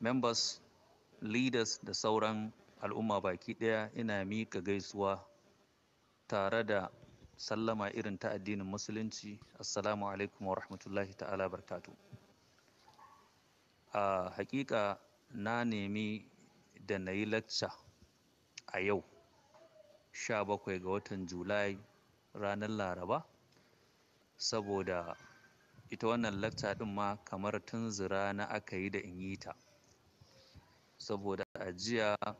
members leaders da sauran al'umma baki ɗaya ina miƙa gaisuwa tare da sallama irin ta addinin musulunci assalamu alaikum wa rahmatullahi ta'ala barkatu a hakika na nemi da na yi lacca a yau 17 ga watan julai ranar laraba saboda ita wannan lacca din ma kamar tun zira na aka yi da in yi ta saboda ajiya jiya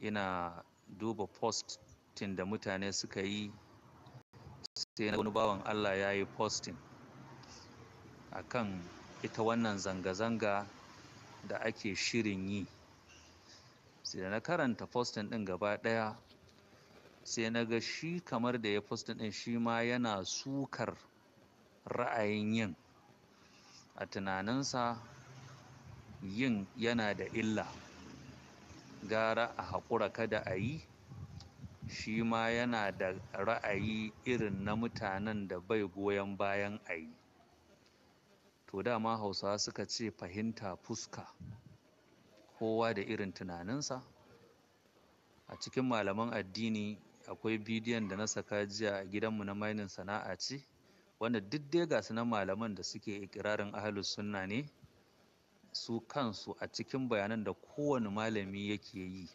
ina duba postin da mutane suka yi sai na wani bawan allah ya yi postin a kan ita wannan zanga-zanga da ake shirin yi sai na karanta postin ɗin gaba ɗaya sai na ga shi kamar da ya postin ɗin shi ma yana sukar ra'ayin yin a tunaninsa yin yana da illa gara a haƙura kada a yi shi ma yana da ra'ayi irin na mutanen da bai goyon bayan a yi to dama hausawa suka ce fahimta fuska kowa da irin tunaninsa a cikin malaman addini akwai bidiyon da na saka jiya a gidanmu na mainin sana'a ce wanda duk dai ga na malaman da suke ikirarin ahalus sunna ne su kansu a cikin bayanan da kowane malami yake yi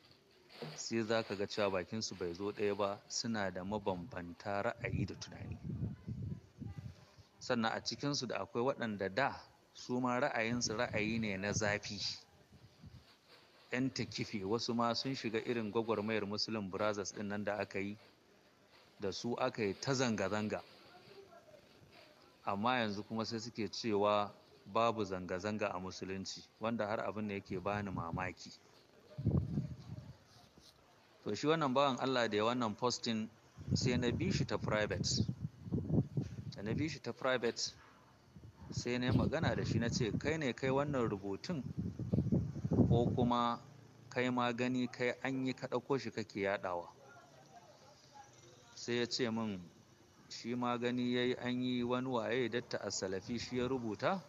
sai za ka ga cewa bakinsu bai zo ɗaya ba suna da mabambanta ra'ayi da tunani sannan a cikinsu da akwai waɗanda da su ma ra'ayinsu ra'ayi ne na zafi 'yan takife wasu ma sun shiga irin gwagwarmayar muslim brothers ɗin nan da aka yi da su aka yi ta zanga-zanga amma yanzu kuma sai suke cewa babu zanga-zanga a musulunci wanda har abin da yake bani mamaki to shi wannan bawan Allah da ya wannan posting sai na bi shi ta private da na bi shi ta private sai na magana da shi na ce kai ne kai wannan rubutun ko kuma kai ma gani kai an yi ka ɗauko shi kake yaɗawa sai ya ce min shi ma gani ya yi an yi wani waye datta a salafi shi ya rubuta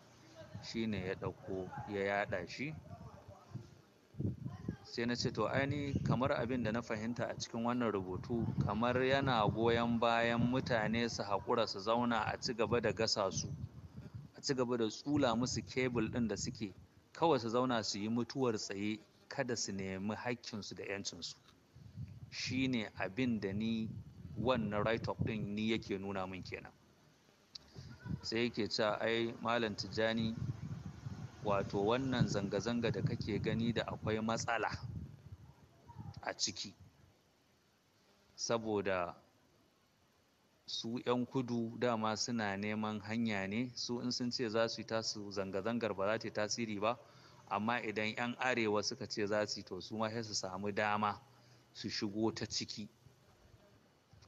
shi ne ya ɗauko ya yaɗa shi sai na ce to aini kamar abin da na fahimta a cikin wannan rubutu kamar yana goyon bayan mutane su haƙura su zauna a ci gaba da gasa su a ci gaba da tsula musu kebul ɗin da suke kawai su zauna su yi mutuwar tsaye kada su nemi haƙƙinsu da 'yancinsu shi ne abin da ni wannan right of ɗin ni yake nuna min kenan sai yake cewa ai malam tijjani wato wannan zanga-zanga da kake gani da akwai matsala a ciki saboda su 'yan kudu dama suna neman hanya ne su in sun ce za su yi tasu zanga-zangar ba za ta yi tasiri ba amma idan 'yan arewa suka ce za su yi to su ma sai su samu dama su shigo ta ciki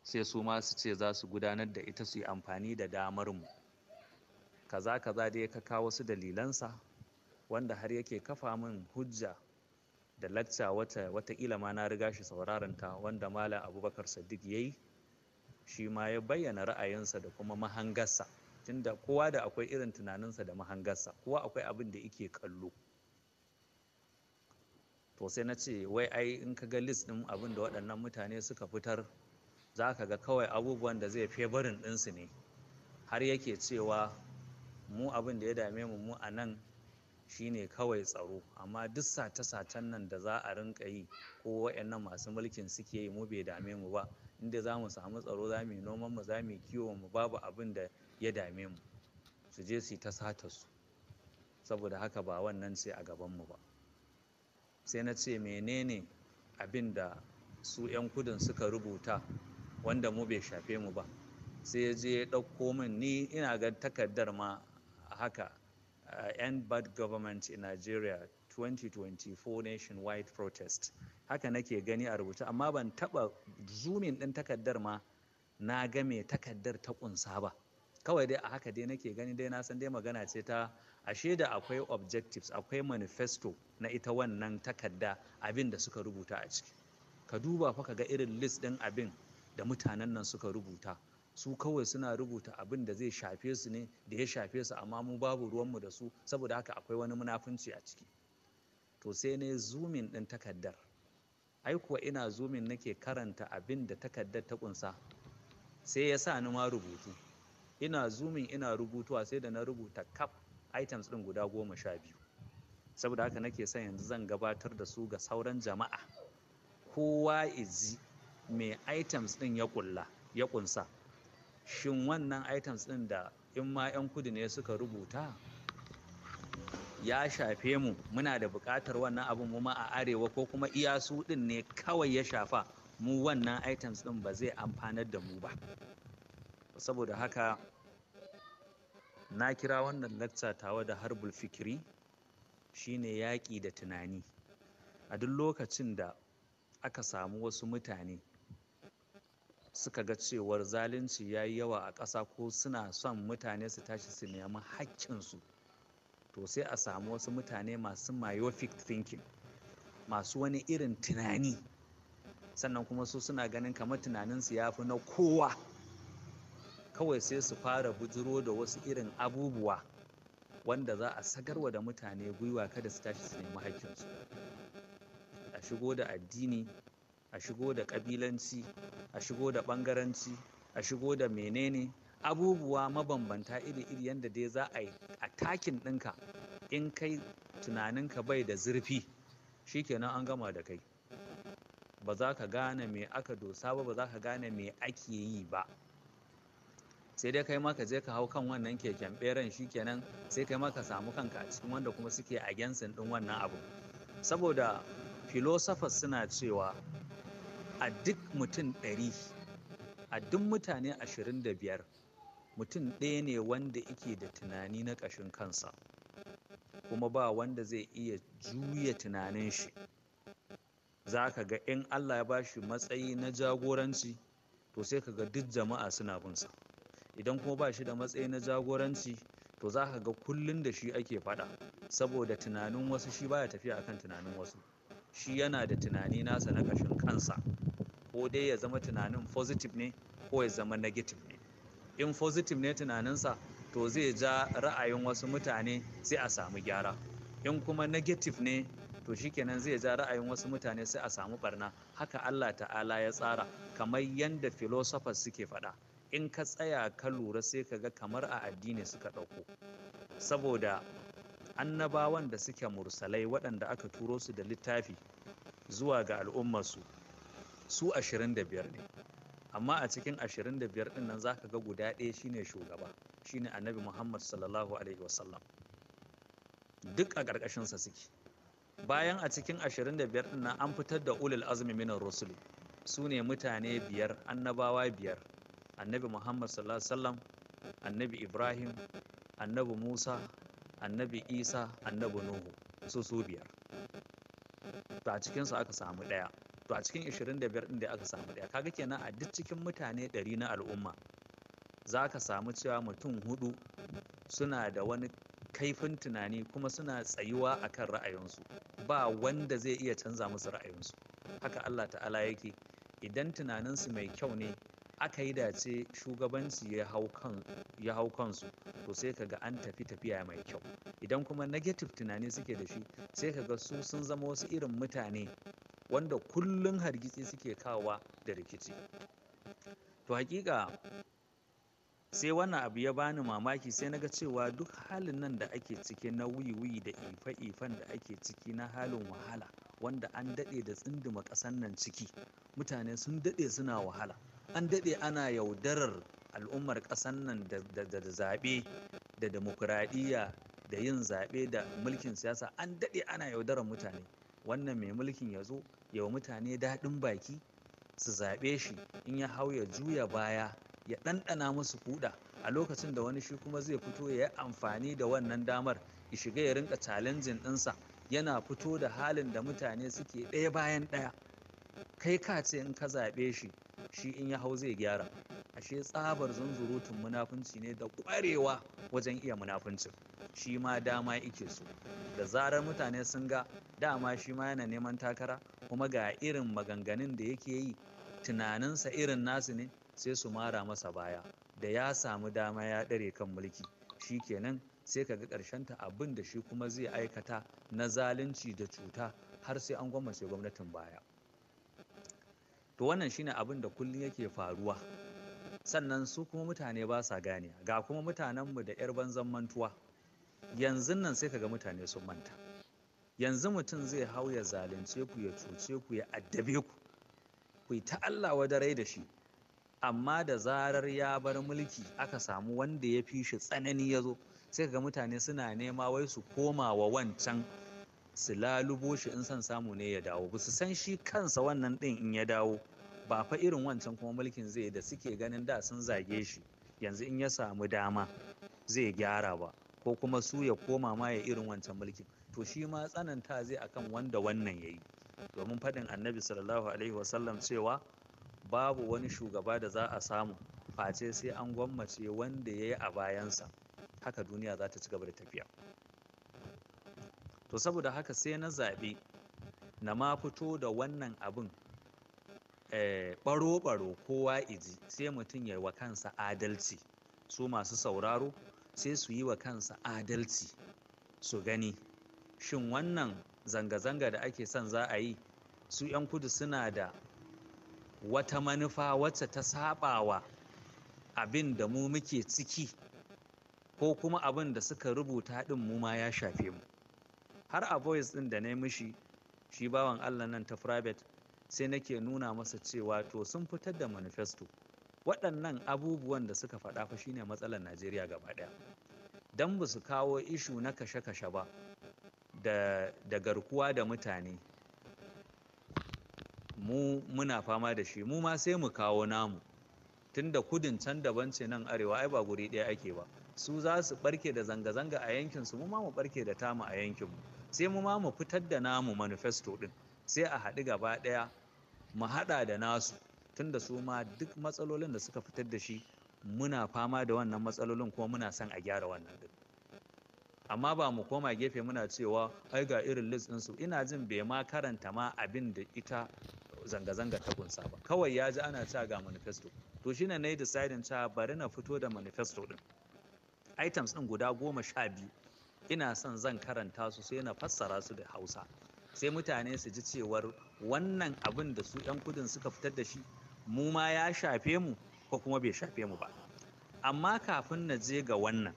sai su ma su ce za su gudanar da ita su yi amfani da damar mu kaza kaza dai ka kawo su dalilansa wanda har yake kafa min hujja da lacca wata wataƙila na riga shi ta. wanda malam abubakar sadiq ya yi shi ma ya bayyana ra'ayinsa da kuma mahangarsa tunda kowa da akwai irin tunaninsa da mahangarsa kowa akwai abin da yake kallo to sai na ce wai ai in ka ga list ɗin abin da waɗannan mutane suka fitar za ka ga kawai abubuwan da zai febarin ɗinsu ne har yake cewa mu abin da ya dame mu mu a nan shine kawai tsaro amma duk sace-sacen nan da za a rinka yi ko wayannan masu mulkin suke yi mu bai dame mu ba inda za mu samu tsaro za mu yi noman mu za mu yi mu babu abin da ya dame mu su je su ta sata su saboda haka ba wannan sai a gaban mu ba sai na ce menene abin da su 'yan kudin suka rubuta wanda mu bai shafe mu ba sai ya je ya ɗauko min ni ina ga takardar ma haka Uh, end bad government in nigeria 2024 nationwide protest haka nake gani a rubuta amma ban taba zumin din takaddar ma na ga me takaddar ta kunsa ba kawai dai a haka dai nake gani dai na san dai magana ce ta ashe da akwai objectives akwai manifesto na ita wannan takadda abin da suka rubuta a ciki ka duba fa ka ga irin list din abin da mutanen nan suka rubuta su kawai suna rubuta abin da zai shafe su ne da ya shafe su amma mu babu ruwanmu da su saboda haka akwai wani munafunci a ciki to sai ne zumin ɗin takaddar ai kuwa ina zumin nake karanta abin da takaddar ta kunsa sai ya sa ni ma rubutu ina zumin ina rubutuwa sai da na rubuta kaf items ɗin guda goma sha biyu saboda haka nake son yanzu zan gabatar da su ga sauran jama'a kowa izi mai items ɗin ya kunsa. ƙunsa shin wannan items ɗin da in ma 'yan kudu ne suka rubuta ya shafe mu muna da buƙatar wannan abin mu ma a arewa ko kuma iya su ɗin ne kawai ya shafa mu wannan items ɗin ba zai amfanar da mu ba saboda haka na kira wannan lacca tawa da harbul fikiri shine yaƙi da tunani a duk lokacin da aka samu wasu mutane suka ga cewar zalunci ya yi yawa a ƙasa ko suna son mutane su tashi su nemi haƙƙinsu to sai a samu wasu mutane masu myopic thinking masu wani irin tunani sannan kuma su suna ganin kamar tunaninsu ya fi na kowa kawai sai su fara bujiro da wasu irin abubuwa wanda za a sagarwa da mutane gwiwa kada su tashi su nemi haƙƙinsu a shigo da addini a shigo da ƙabilanci a shigo da ɓangaranci a shigo da menene abubuwa mabambanta iri-iri yadda dai za a yi a takin ɗinka in kai tunaninka bai da zurfi shikenan an gama da kai ba za ka gane me aka dosa ba ba za ka gane me ake yi ba sai dai kai ma ka je ka hau kan wannan keken beren shikenan sai kai ma ka samu kanka a cikin wanda kuma suke a gensin ɗin wannan abu saboda filosofas suna cewa a duk mutum ɗari a duk mutane ashirin da biyar mutum ɗaya ne wanda yake da tunani na ƙashin kansa kuma ba wanda zai iya juya tunanin shi za ka ga in allah ya ba shi matsayi na jagoranci to sai ka ga duk jama'a suna binsa idan kuma ba shi da matsayi na jagoranci to za ka ga kullum da shi ake faɗa saboda tunanin wasu shi baya tafiya akan tunanin wasu shi yana da tunani nasa na ƙashin kansa ko dai ya zama tunanin positive ne ko ya zama negative ne in positive ne tunaninsa to zai ja ra'ayin wasu mutane sai a samu gyara in kuma negative ne to shikenan zai ja ra'ayin wasu mutane sai a samu barna haka Allah ta'ala ya tsara kamar yadda philosophers suke faɗa in ka tsaya ka lura sai ka ga kamar a addini suka ɗauko saboda annabawan da suke mursalai waɗanda aka turo su da littafi zuwa ga al'ummarsu su 25 ne amma a cikin 25 din nan zaka ga guda ɗaya shine shugaba shine annabi muhammad sallallahu alaihi wasallam duk a ƙarƙashinsa suke bayan a cikin 25 din nan an fitar da ulul azmi minar rusul su ne mutane biyar annabawa biyar annabi muhammad sallallahu alaihi wasallam annabi ibrahim annabi musa annabi isa annabi nuhu su su biyar ta cikinsu aka samu ɗaya to a cikin 25 din da aka samu ɗaya kaga kenan a duk cikin mutane 100 na al'umma za ka samu cewa mutum huɗu suna da wani kaifin tunani kuma suna tsayuwa a kan ra'ayinsu ba wanda zai iya canza musu ra'ayinsu haka Allah ta'ala yake idan tunaninsu mai kyau ne aka yi dace shugabanci ya hau kansu to sai ka ga an tafi tafiya mai kyau idan kuma negative tunani suke da shi sai ka ga su sun zama wasu irin mutane wanda kullum hargitsi suke kawa da rikici to hakika sai wannan abu ya bani mamaki sai na ga cewa duk halin nan da ake ciki na wiwi da ife-ifen da ake ciki na halin wahala wanda an daɗe da tsinduma ƙasan nan ciki mutane sun daɗe suna wahala an daɗe ana yaudarar al'ummar ƙasan nan da zaɓe da demokuraɗiyya da yin zaɓe da mulkin siyasa an daɗe ana yaudarar mutane wannan mai mulkin ya zo ya wa mutane daɗin baki su zaɓe shi in ya hau ya juya baya ya ɗanɗana musu kuɗa a lokacin da wani shi kuma zai fito ya yi amfani da wannan damar ya shiga ya rinka challenging ɗinsa yana fito da halin da mutane suke ɗaya bayan ɗaya kai ka ce in ka zaɓe shi shi in ya hau zai gyara ashe tsabar zunzurutun munafunci ne da ƙwarewa wajen iya munafuncin shi ma dama yake so da zarar mutane sun ga dama shi ma yana neman takara kuma ga irin maganganun da yake yi tunaninsa irin nasu ne sai su mara masa baya da ya samu dama ya ɗare kan mulki shi kenan sai ka ga ƙarshen ta abin da shi kuma zai aikata na zalunci da cuta har sai an gwamnati gwamnatin baya to wannan shine abin da kullum yake faruwa sannan su kuma mutane ba sa gane ga kuma mutanenmu da 'yar banzan mantuwa yanzu nan sai kaga mutane sun manta yanzu mutum zai hau ya zalunce ku ya cuce ku ya addabe ku ku yi ta Allah wadarai da shi amma da zarar ya bar mulki aka samu wanda ya fi shi tsanani ya zo sai kaga mutane suna nema wai su koma wa wancan su lalubo shi in san samu ne ya dawo ba su san shi kansa wannan ɗin in ya dawo ba fa irin wancan kuma mulkin zai da suke ganin da sun zage shi yanzu in ya samu dama zai gyara ba ko kuma su ya koma ma ya irin wancan mulki. to shi ma tsananta zai akan wanda wannan yayi domin faɗin annabi sallallahu alaihi wasallam cewa babu wani shugaba da za a samu face sai an gwammace wanda ya yi a bayansa haka duniya za ta ci gaba da tafiya to saboda haka sai na zaɓi na ma fito da wannan abin baro-baro eh, kowa iji sai mutum ya wa kansa adalci su masu sauraro sai su yi wa kansa adalci su gani shin wannan zanga-zanga da ake son za a yi su 'yan kudu suna da wata manufa wacce ta wa abin da mu muke ciki ko kuma abin da suka rubuta ɗin mu ma ya shafe mu har a voice ɗin da na yi mishi shi bawan allah nan ta private sai nake nuna masa cewa to sun fitar da manifesto waɗannan abubuwan da suka faɗa fa shine matsalar najeriya gaba ɗaya don ba su kawo ishu na kashe-kashe ba da, da garkuwa da mutane mu muna fama da shi mu ma sai mu kawo namu tunda kudin can daban ce nan arewa ai ba guri ɗaya ake ba su za su barke da zanga-zanga a yankin su, mu ma mu barke da tamu a yankin mu. sai mu ma mu fitar da namu manifesto ɗin sai a haɗu gaba ɗaya mu haɗa da nasu tunda su ma duk matsalolin da suka fitar da shi muna fama da wannan matsalolin kuma muna son a gyara wannan duk amma ba mu koma gefe muna cewa ai ga irin list ɗinsu ina jin bai ma karanta ma abin da ita zanga-zanga ta kunsa ba kawai ya ji ana cewa ga manifesto to ne na yi decidin cewa bari na fito da manifesto ɗin items ɗin guda goma sha biyu ina son zan karanta su sai na fassara su da hausa sai mutane su ji cewar wannan abin da su 'yan kudin suka fitar da shi mu ma ya shafe mu ko kuma bai shafe mu ba amma kafin na je ga wannan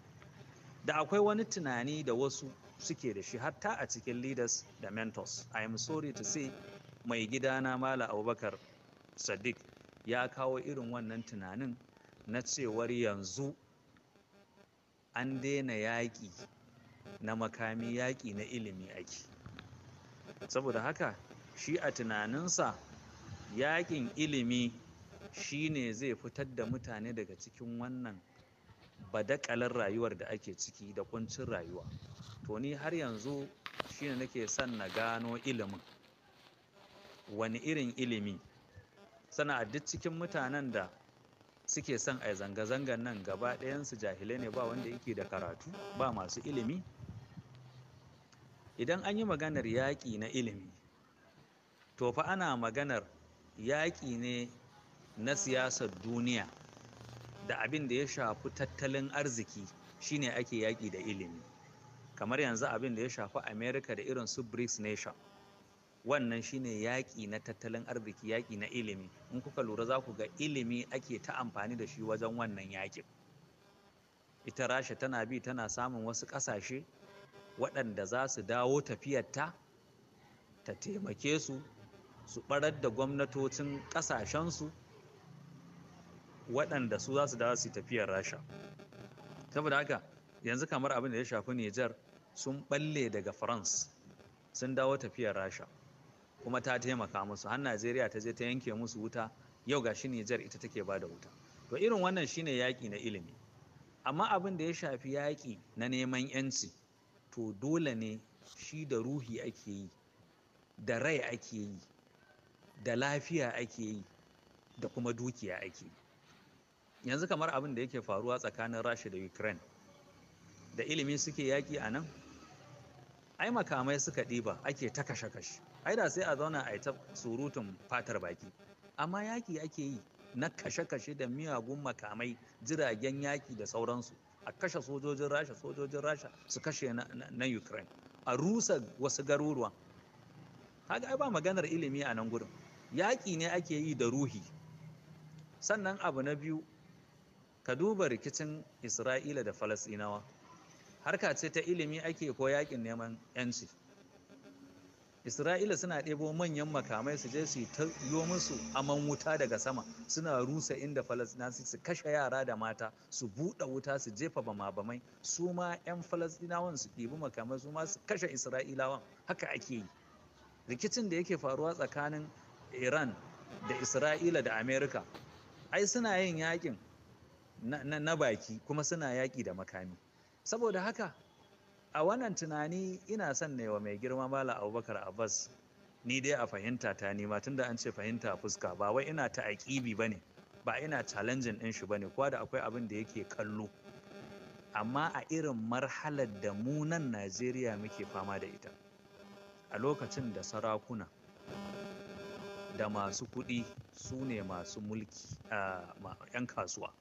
da akwai wani tunani da wasu suke da shi hatta a cikin leaders da mentors i am sorry to say mai gidana mala abubakar sadiq ya kawo irin wannan tunanin na cewar yanzu an daina yaƙi na makami yaƙi na ilimi ake saboda haka shi a tunaninsa yaƙin ilimi shine zai fitar da mutane daga cikin wannan badakalar rayuwar da ake ciki da ƙuncin rayuwa to ni har yanzu shine nake son na gano ilimin wani irin ilimi sana duk cikin mutanen da suke son a zanga-zangan nan gaba ɗayansu jahilai ne ba wanda yake da karatu ba masu ilimi idan an yi maganar yaƙi na ilimi to fa ana maganar yaƙi ne na siyasar duniya da abin da ya shafi tattalin arziki shine ake yaƙi da ilimi kamar yanzu abin da ya shafi america da irin su brics nation wannan shine yaƙi na tattalin arziki yaƙi na ilimi in kuka lura za ku ga ilimi ake ta amfani da shi wajen wannan yaƙin ita rasha tana bi tana samun wasu ƙasashe waɗanda za su dawo tafiyarta ta taimake su su ɓarar da gwamnatocin ƙasashensu waɗanda su za su dawo su tafiyar rasha saboda haka yanzu kamar abin da ya shafi nijar sun ɓalle daga france sun dawo tafiyar rasha kuma ta taimaka musu har najeriya ta je ta yanke musu wuta yau gashi nijar ita take ba da wuta to irin wannan shine yaƙi na ilimi amma abin da ya shafi yaƙi na neman yanci to dole ne shi da ruhi ake yi da rai ake yi da lafiya ake yi da kuma dukiya ake yi yanzu kamar abin da yake faruwa tsakanin rasha da ukraine da ilimi suke yaƙi a nan ai makamai suka ɗiba ake ta kashe-kashe ai da sai a zauna a yi ta surutun fatar baki amma yaƙi ake yi na kashe-kashe da miyagun makamai jiragen yaƙi da sauransu a kashe sojojin rasha sojojin rasha su kashe na ukraine a rusa wasu garuruwan haka ai ba maganar ilimi a nan gurin yaƙi ne ake yi da ruhi sannan abu na biyu ka duba rikicin isra'ila da falasinawa harka ce ta ilimi ake ko yaƙin neman 'yanci isra'ila suna ɗebo manyan makamai su je su yi musu aman wuta daga sama suna rusa inda falasdinawa su kashe yara da mata su buɗe wuta su jefa bama-bamai su ma 'yan falasinawan su ɗibi makamai su ma su kashe isra'ilawan haka ake yi rikicin da yake faruwa tsakanin iran da isra'ila da amerika ai suna yin yakin na, baki kuma suna yaki da makami saboda haka a wannan tunani ina son ne wa mai girma mala abubakar abbas ni dai a fahimta ta nima tunda an ce fahimta fuska ba wai ina ta aƙibi ba ne ba ina challenging ɗin shi ba ne kuwa da akwai abin da yake kallo amma a irin marhalar da mu nan najeriya muke fama da ita a lokacin da sarakuna da masu kuɗi su ne masu mulki a 'yan kasuwa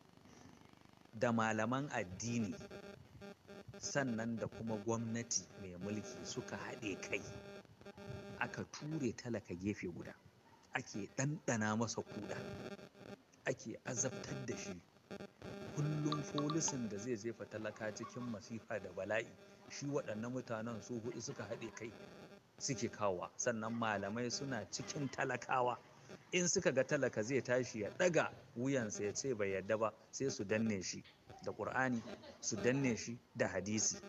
da malaman addini sannan da kuma gwamnati mai mulki suka haɗe kai aka ture talaka gefe guda ake ɗanɗana masa kuɗa ake azabtar da shi kullum folisin da zai jefa talaka cikin masifa da bala'i shi waɗannan mutanen su huɗu suka haɗe kai suke kawowa sannan malamai suna cikin talakawa in suka ga talaka zai tashi ya daga wuyansa ya ce bai yadda ba sai su danne shi da ƙur'ani su danne shi da hadisi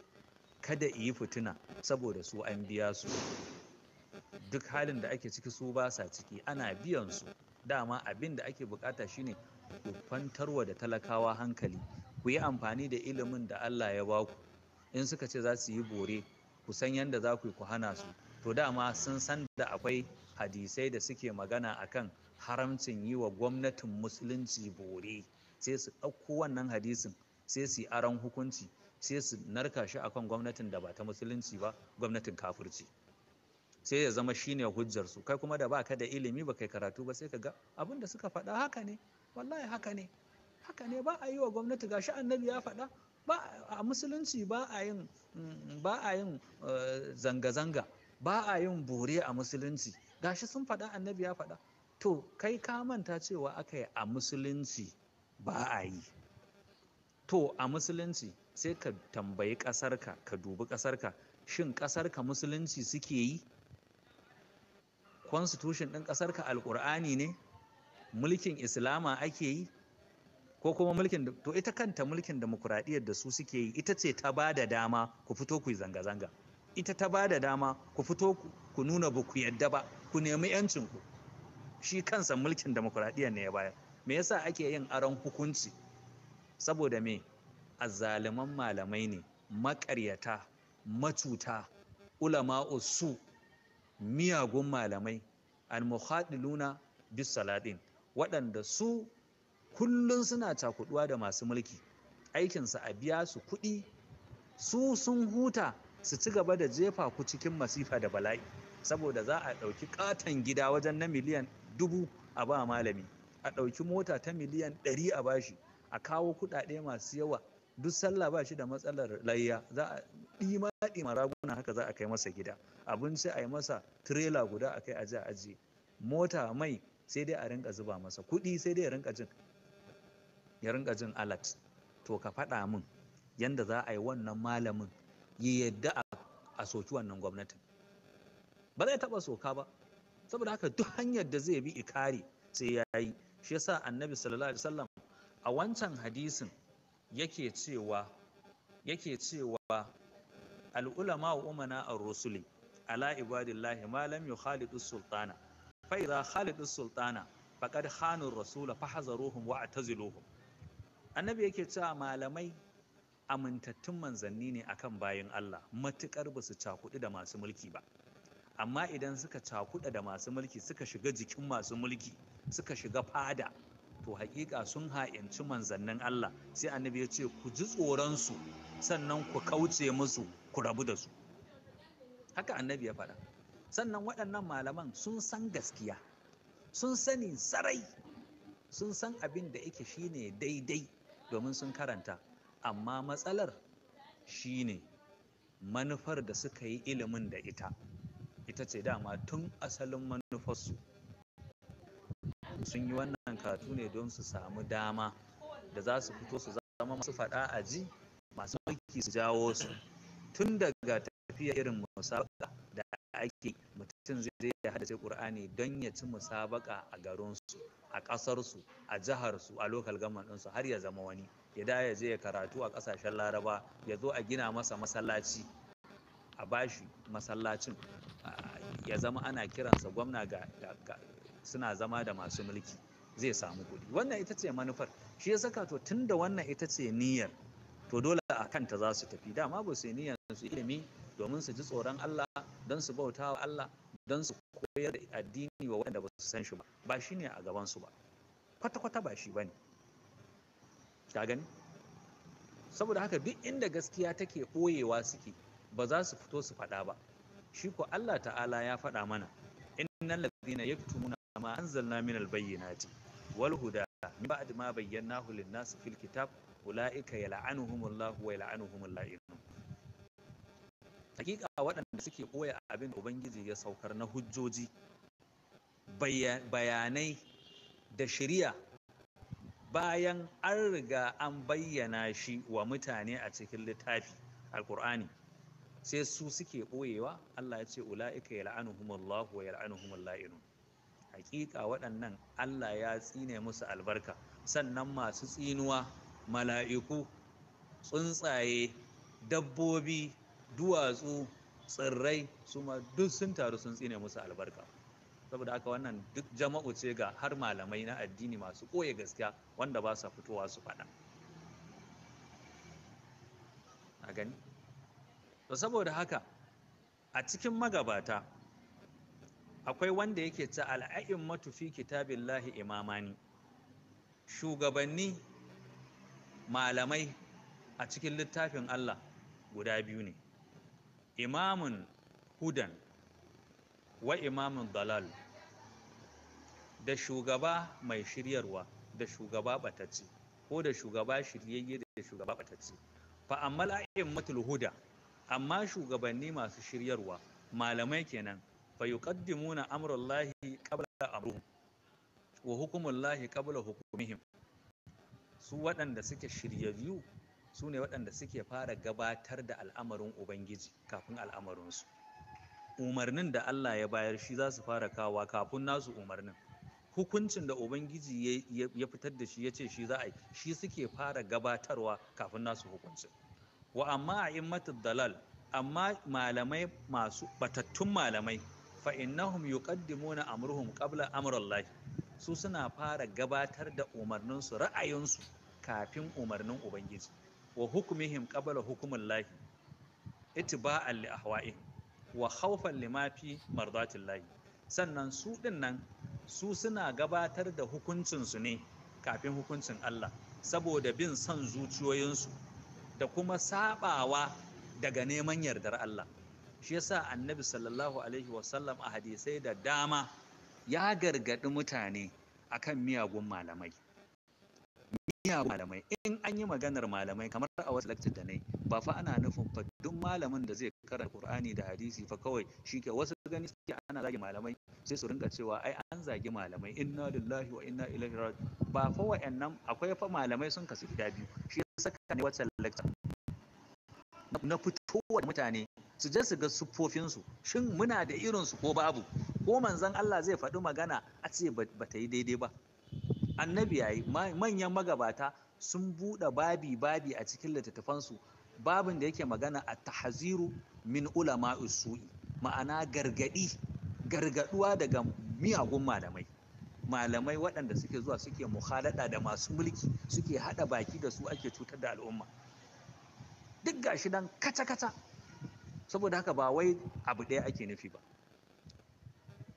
kada yi fituna saboda su an biya su duk halin da ake ciki su ba sa ciki ana biyan su dama abin da ake bukata shine ku kwantarwa da talakawa hankali ku yi amfani da ilimin da Allah ya baku in suka ce za su yi bore ku san yadda za ku yi ku hana su to dama sun san da akwai hadisai da suke magana akan haramcin yi wa gwamnatin musulunci bore sai su ɗauko wannan hadisin sai su yi aron hukunci sai su narka shi akan gwamnatin da ba ta musulunci ba gwamnatin kafirci sai ya zama shine hujjar su kai kuma da baka da ilimi ba kai karatu ba sai ka ga abin da suka faɗa haka ne wallahi haka ne haka ne ba a yi wa gwamnati gashi annabi ya faɗa ba a musulunci ba ba a yin eh, zanga-zanga ba a yin bore a musulunci gashi sun faɗa annabi ya faɗa to kai ka manta cewa aka yi a musulunci ba a yi to a musulunci sai ka tambayi ƙasarka ka dubi ƙasarka shin ƙasarka musulunci suke yi constitution ɗin ƙasarka alƙur'ani ne mulkin islama ake yi ko kuma mulkin to ita kanta mulkin demokuraɗiyyar da su suke yi ita ce ta ba da dama ku fito ku yi zanga-zanga ita ta ba da dama ku fito ku nuna ba ku yadda ba ku nemi yancin ku. shi kansa mulkin demokuraɗiya ne ya bayar me yasa ake yin aron hukunci saboda me a zaliman malamai ne maƙaryata macuta ulama su miyagun malamai almuhadiluna bis saladin waɗanda su kullum suna cakuduwa da masu mulki aikinsa a biya su kuɗi su sun huta su ci gaba da jefa ku cikin masifa da bala'i saboda za a ɗauki ƙaton gida wajen na miliyan dubu a ba malami a ɗauki mota ta miliyan ɗari a bashi a kawo kuɗaɗe masu yawa duk sallah ba shi da matsalar layya za a ɗima ɗima raguna haka za a kai masa gida abinci a yi masa tirela guda a kai aje ajiye mota mai sai dai a rinka zuba masa kuɗi sai dai ya rinka jin ya to ka faɗa min yadda za a yi wannan malamin ya yadda a soki wannan gwamnatin ba zai taɓa soka ba saboda haka duk hanyar da zai bi ikari sai ya yi shi yasa annabi sallallahu alaihi wasallam a wancan hadisin yake cewa yake cewa al'ulama wa umana a rusuli ala ibadillahi malam lam khalidu sultana Faiza khalidu sultana faqad khanu rasula fa wa ataziluhum annabi yake cewa malamai amintattun manzanni ne akan bayan Allah matuƙar ba su cakuɗu da masu mulki ba amma idan suka cakuɗa da masu mulki suka shiga jikin masu mulki suka shiga fada to haƙiƙa sun ha'inci manzannin Allah sai annabi ya ce ku ji tsoronsu sannan ku kauce musu ku rabu da su haka annabi ya faɗa sannan waɗannan malaman sun san gaskiya sun sani sarai sun san abin da yake shine daidai domin sun karanta amma matsalar shine manufar da suka yi ilimin da ita ita ce dama tun asalin manufarsu sun yi wannan katu ne don su samu dama da za su fito su zama masu faɗa a ji masu mulki su jawo su tun daga tafiya irin musabaka da ake mutum zai zai da hadace ƙur'ani don ya ci musabaka a garinsu a ƙasarsu a jiharsu a lokal gaman ɗinsu har ya zama wani ya da ya je ya karatu a kasashen laraba ya zo a gina masa masallaci a bashi masallacin ya zama ana kiransa gwamna ga suna zama da masu mulki zai samu kuɗi wannan ita ce manufar shi ya saka to tun da wannan ita ce niyyar to dole a kanta za su tafi dama ba su niyyar su ilimi domin su ji tsoron Allah don su bauta wa Allah don su koyar da addini wa wanda ba su san shi ba ba shi ne a gabansu ba kwata-kwata ba shi ba ne ka gani saboda haka duk inda gaskiya take ɓoyewa suke ba za su fito su faɗa ba shi ko Allah ta'ala ya faɗa mana innal ladina yaktumuna ma anzalna minal albayyinati wal huda min ba'd ma bayyanahu lin nas fil kitab ulaika yal'anuhumullahu wa yal'anuhumul la'in hakika waɗanda suke ɓoye abin da ubangiji ya saukar na hujjoji bayanai da shari'a bayan an riga an bayyana shi wa mutane a cikin littafi alkur'ani sai su suke ɓoyewa Allah ya ce ula'ika ya la'anuhumullahu wa ya la'inun hakika waɗannan Allah ya tsine musu albarka sannan masu tsinuwa mala'iku tsuntsaye dabbobi duwatsu tsirrai su ma duk sun taru sun tsine musu albarka saboda haka wannan duk jama'u ce ga har malamai na addini masu koye gaskiya wanda ba sa fitowa su faɗa a gani to saboda haka a cikin magabata akwai wanda yake ta al'a'in matufi Lahi imamani shugabanni malamai a cikin littafin Allah guda biyu ne imamun hudan wa imamin dalal da shugaba mai shiryarwa da shugaba batacce ko da shugaba shiryayye da shugaba batacce fa amma la'immatul huda amma shugabanni masu shiryarwa malamai kenan fa yuqaddimuna amrullahi qabla amruhum wa hukumullahi qabla hukumihim su waɗanda suke shiryayyu su ne waɗanda suke fara gabatar da al'amarin ubangiji kafin al'amarinsu umarnin da Allah ya bayar shi za su fara kawa kafin nasu umarnin hukuncin da ubangiji ya fitar da shi ya ce shi za a yi shi suke fara gabatarwa kafin nasu hukuncin wa amma a immatu dalal amma malamai masu batattun malamai fa innahum yuqaddimuna amruhum qabla amrillahi su suna fara gabatar da umarninsu ra'ayinsu kafin umarnin ubangiji wa hukumihim qabla hukmillahi ittiba'an li ahwa'ihim wa haufan limafi layi, sannan su dinnan su suna gabatar da hukuncinsu ne kafin hukuncin Allah saboda bin son zuciyoyinsu da kuma sabawa daga neman yardar Allah shi yasa annabi sallallahu alaihi wasallam a hadisai da dama ya gargadi mutane akan miyagun malamai iya malamai in an yi maganar malamai kamar a wasu lecture da yi ba fa ana nufin fa duk malamin da zai karanta Qur'ani da hadisi fa kawai shike wasu gani suke ana zagi malamai sai su rinka cewa ai an zagi malamai inna lillahi wa inna ilaihi raji'un ba fa wa'annan akwai fa malamai sun kasu gida biyu shi saka ne wata lecture na fitowar mutane su je su ga siffofinsu shin muna da irinsu ko babu ko manzon Allah zai faɗi magana a ce ba ta yi daidai ba annabi yayi manyan magabata sun buɗe babi babi a cikin littattafansu babin da yake magana a tahaziru min ulama usu'i ma'ana gargadi gargaduwa daga miyagun malamai malamai waɗanda suke zuwa suke muhalada da masu mulki suke haɗa baki da su ake cutar da al'umma duk gashi nan kaca-kaca, saboda haka ba wai abu ɗaya ake nufi ba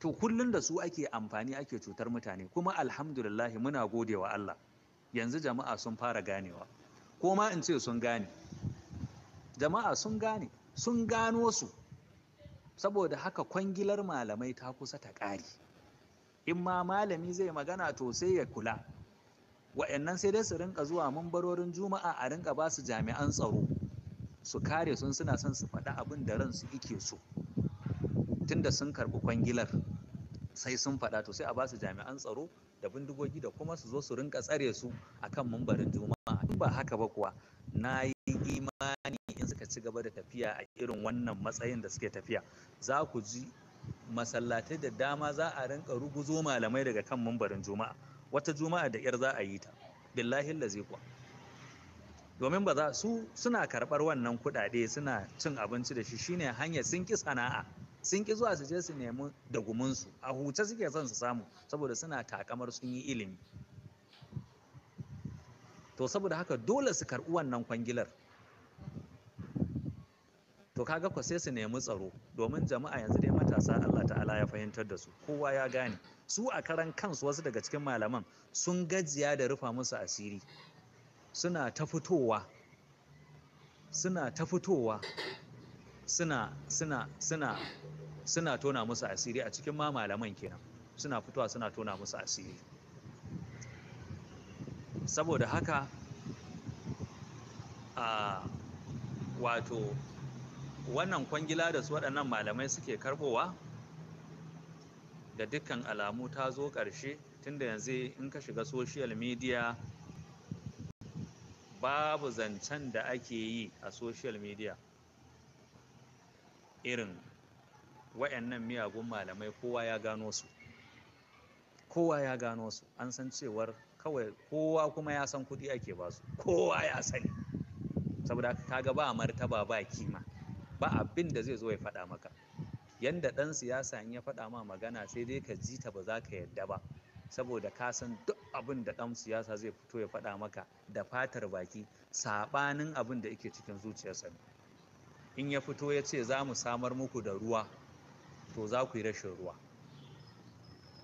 to kullum da su ake amfani ake cutar mutane kuma alhamdulillah muna gode wa Allah yanzu jama'a sun fara ganewa ko ma in ce sun gane jama'a sun gane sun gano su saboda haka kwangilar malamai ta kusa ta ƙare in ma malami zai magana to sai ya kula wa'annan sai dai su rinka zuwa mambarorin juma'a a rinka ba su jami'an tsaro su kare sun suna son su faɗa abin da ransu ike so tunda sun karɓi kwangilar sai sun faɗa to sai a ba su jami'an tsaro da bindigogi da kuma su zo su rinka tsare su akan mambarin juma'a in ba haka ba kuwa na yi imani in suka ci gaba da tafiya a irin wannan matsayin da suke tafiya za ku ji masallatai da dama za a rinka ruguzo malamai daga kan mambarin juma'a wata juma'a da yar za a yi ta billahi lazi kuwa domin ba za su suna karɓar wannan kuɗaɗe suna cin abinci da shi shine hanyar sun ki sana'a sun ki zuwa su je su nemi dagumansu a huce suke son su samu saboda suna takamar sun yi ilimi to saboda haka dole su karɓi wannan kwangilar to kaga ko sai su nemi tsaro domin jama'a yanzu dai matasa Allah ta'ala ya fahimtar da su kowa ya gane su a karan kansu wasu daga cikin malaman sun gajiya da rufa musu asiri suna ta fitowa suna ta fitowa suna suna suna suna tona musu asiri a cikin ma malaman kenan suna fitowa suna tona musu asiri saboda haka a wato wannan kwangila da su waɗannan malamai suke karbowa da dukkan alamu ta zo ƙarshe tunda yanzu in ka shiga social media babu zancen da ake yi a social media irin wa'annan miyagun malamai kowa ya gano su kowa ya gano su an san cewar kawai kowa kuma ya san kuɗi ake ba su kowa ya sani saboda kaga ba martaba ba kima ba abin da zai zo ya faɗa maka yanda ɗan siyasa in ya faɗa ma magana sai dai ka ji ta ba za ka yadda ba saboda ka san duk abin da ɗan siyasa zai fito ya faɗa maka da fatar baki saɓanin abin da yake cikin zuciyarsa ne in ya fito ya ce za mu samar muku da ruwa to za ku yi rashin ruwa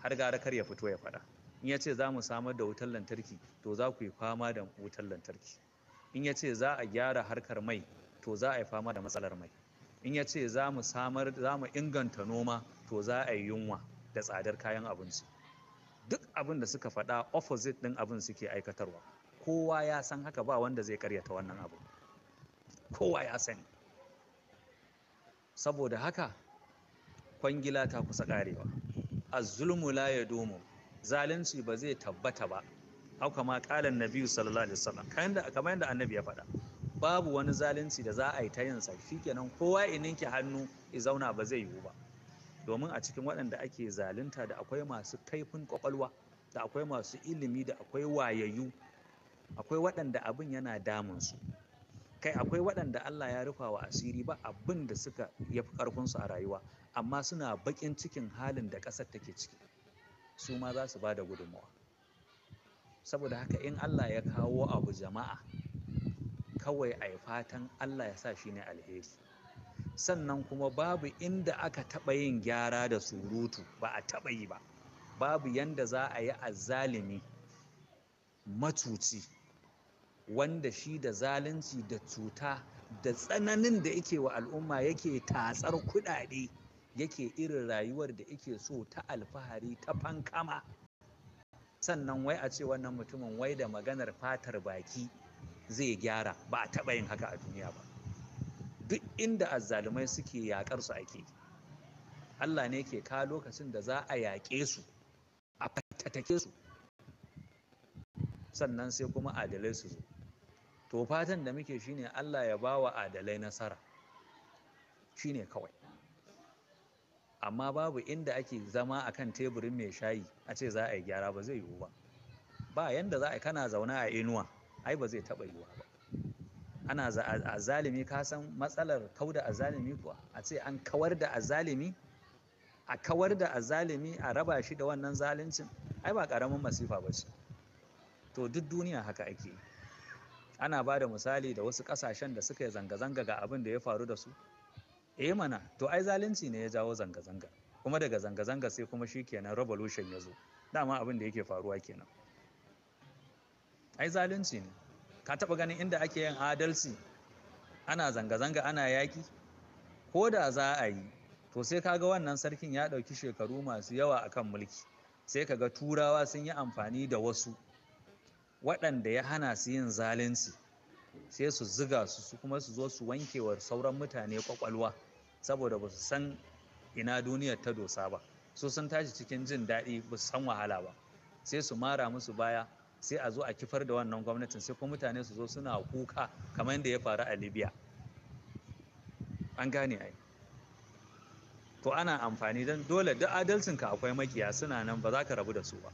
har gara kar ya fito ya faɗa in ya ce za mu samar da wutar lantarki to za ku yi fama da wutar lantarki in ya ce za a gyara harkar mai to za a yi fama da matsalar mai in ya ce za mu samar za mu inganta noma to za a yi yunwa da tsadar kayan abinci duk abin da suka faɗa opposite ɗin abin suke aikatarwa kowa ya san haka ba wanda zai karyata wannan abu kowa ya sani saboda haka kwangila ta kusa karewa az-zulmu la yadumu zalunci ba zai tabbata ba hau kama kalan nabi sallallahu alaihi wasallam kamar yadda annabi ya faɗa babu wani zalunci da za a yi ta yin sa shikenan kowa ya ninke hannu i zauna ba zai yiwu ba domin a cikin waɗanda ake zalunta da akwai masu kaifin kwakwalwa da akwai masu ilimi da akwai wayayyu akwai waɗanda abin yana damun su kai akwai waɗanda Allah ya rufa wa asiri ba abin da suka ya fi ƙarfinsu a rayuwa amma suna baƙin cikin halin da ƙasar take ciki su ma za su ba da gudunmawa saboda haka in Allah ya kawo abu jama'a kawai a yi fatan Allah ya sa shi ne alheri sannan kuma babu inda aka taɓa yin gyara da surutu ba a taɓa yi ba babu yanda za a yi azzalimi matuci wanda shi da zalunci da cuta da tsananin da yake wa al'umma yake tatsar kuɗaɗe yake irin rayuwar da yake so ta alfahari ta fankama sannan wai a ce wannan mutumin wai da maganar fatar baki zai gyara ba a taɓa yin haka a duniya ba duk inda azzalumai suke yaƙar su ake Allah ne ke ka lokacin da za a yaƙe su a fatatake su sannan sai kuma adalai su zo to fatan da muke shine Allah ya ba wa adalai nasara shine kawai amma babu inda ake zama a kan teburin mai shayi a ce za a yi gyara ba zai yiwu ba ba yanda za a yi kana zauna a inuwa ai ba zai taɓa yiwuwa ba ana a zalimi ka san matsalar kauda a kuwa a ce an kawar da a a kawar da a a raba shi da wannan zaluncin ai ba ƙaramin masifa ba ce to duk duniya haka ake yi ana ba da misali da wasu ƙasashen da suka yi zanga-zanga ga abin da ya faru da su eh mana to ai zalunci ne ya jawo zanga-zanga kuma daga zanga-zanga sai kuma shi kenan revolution ya zo dama abin da yake faruwa kenan ai zalunci ne ka taɓa ganin inda ake yin adalci ana zanga-zanga ana yaki ko da za a yi to sai kaga wannan sarkin ya ɗauki shekaru masu yawa akan mulki sai kaga turawa sun yi amfani da wasu waɗanda ya hana su yin zalunci sai su ziga su su kuma su zo su wankewa sauran mutane kwakwalwa saboda ba su san ina duniyar ta dosa ba su sun tashi cikin jin daɗi ba su san wahala ba sai su mara musu baya sai a zo a kifar da wannan gwamnatin sai kuma mutane su zo suna kuka kamar yadda ya faru a libya an gane ai to ana amfani don dole duk adalcinka akwai makiya suna nan ba za ka rabu da su ba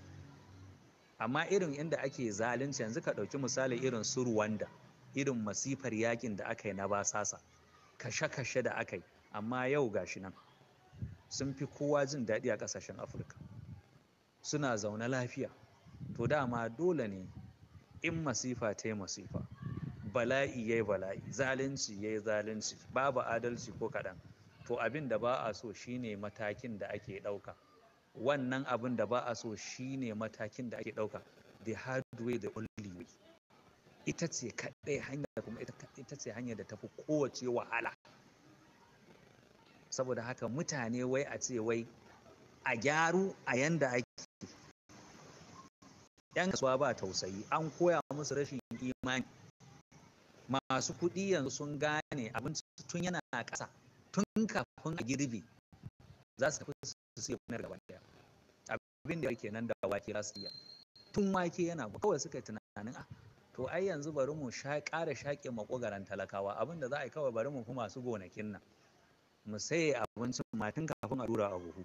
amma irin inda ake zalunci yanzu ka ɗauki misali irin su Rwanda irin masifar yakin da aka yi na basasa kashe-kashe da aka yi amma yau gashi nan sun fi kowa jin daɗi a ƙasashen afirka suna zaune lafiya to dama dole ne in masifa ta yi masifa bala'i ya yi bala'i zalunci ya yi zalunci babu adalci ko kaɗan to abin da ba a so shine matakin da ake ɗauka wannan abin da ba a so shi ne matakin da ake ɗauka the hard way the only way ita ce kaɗai hanya kuma ita ce hanya da tafi kowace wahala saboda haka mutane wai a ce wai a gyaru a yanda ake yan kasuwa ba tausayi an koya musu rashin imani masu kuɗi yanzu sun gane abinci tun yana ƙasa tun kafin a girbi za su tafi su su iya gonar gaba daya abin da yake nan da wake za su iya tun wake yana kawai suka tunanin a ah, to ai yanzu bari mu sha ƙara shaƙe makogaran talakawa abin da za a yi kawai bari mu fi masu gonakin nan mu saye abincin matun kafin a dura a buhu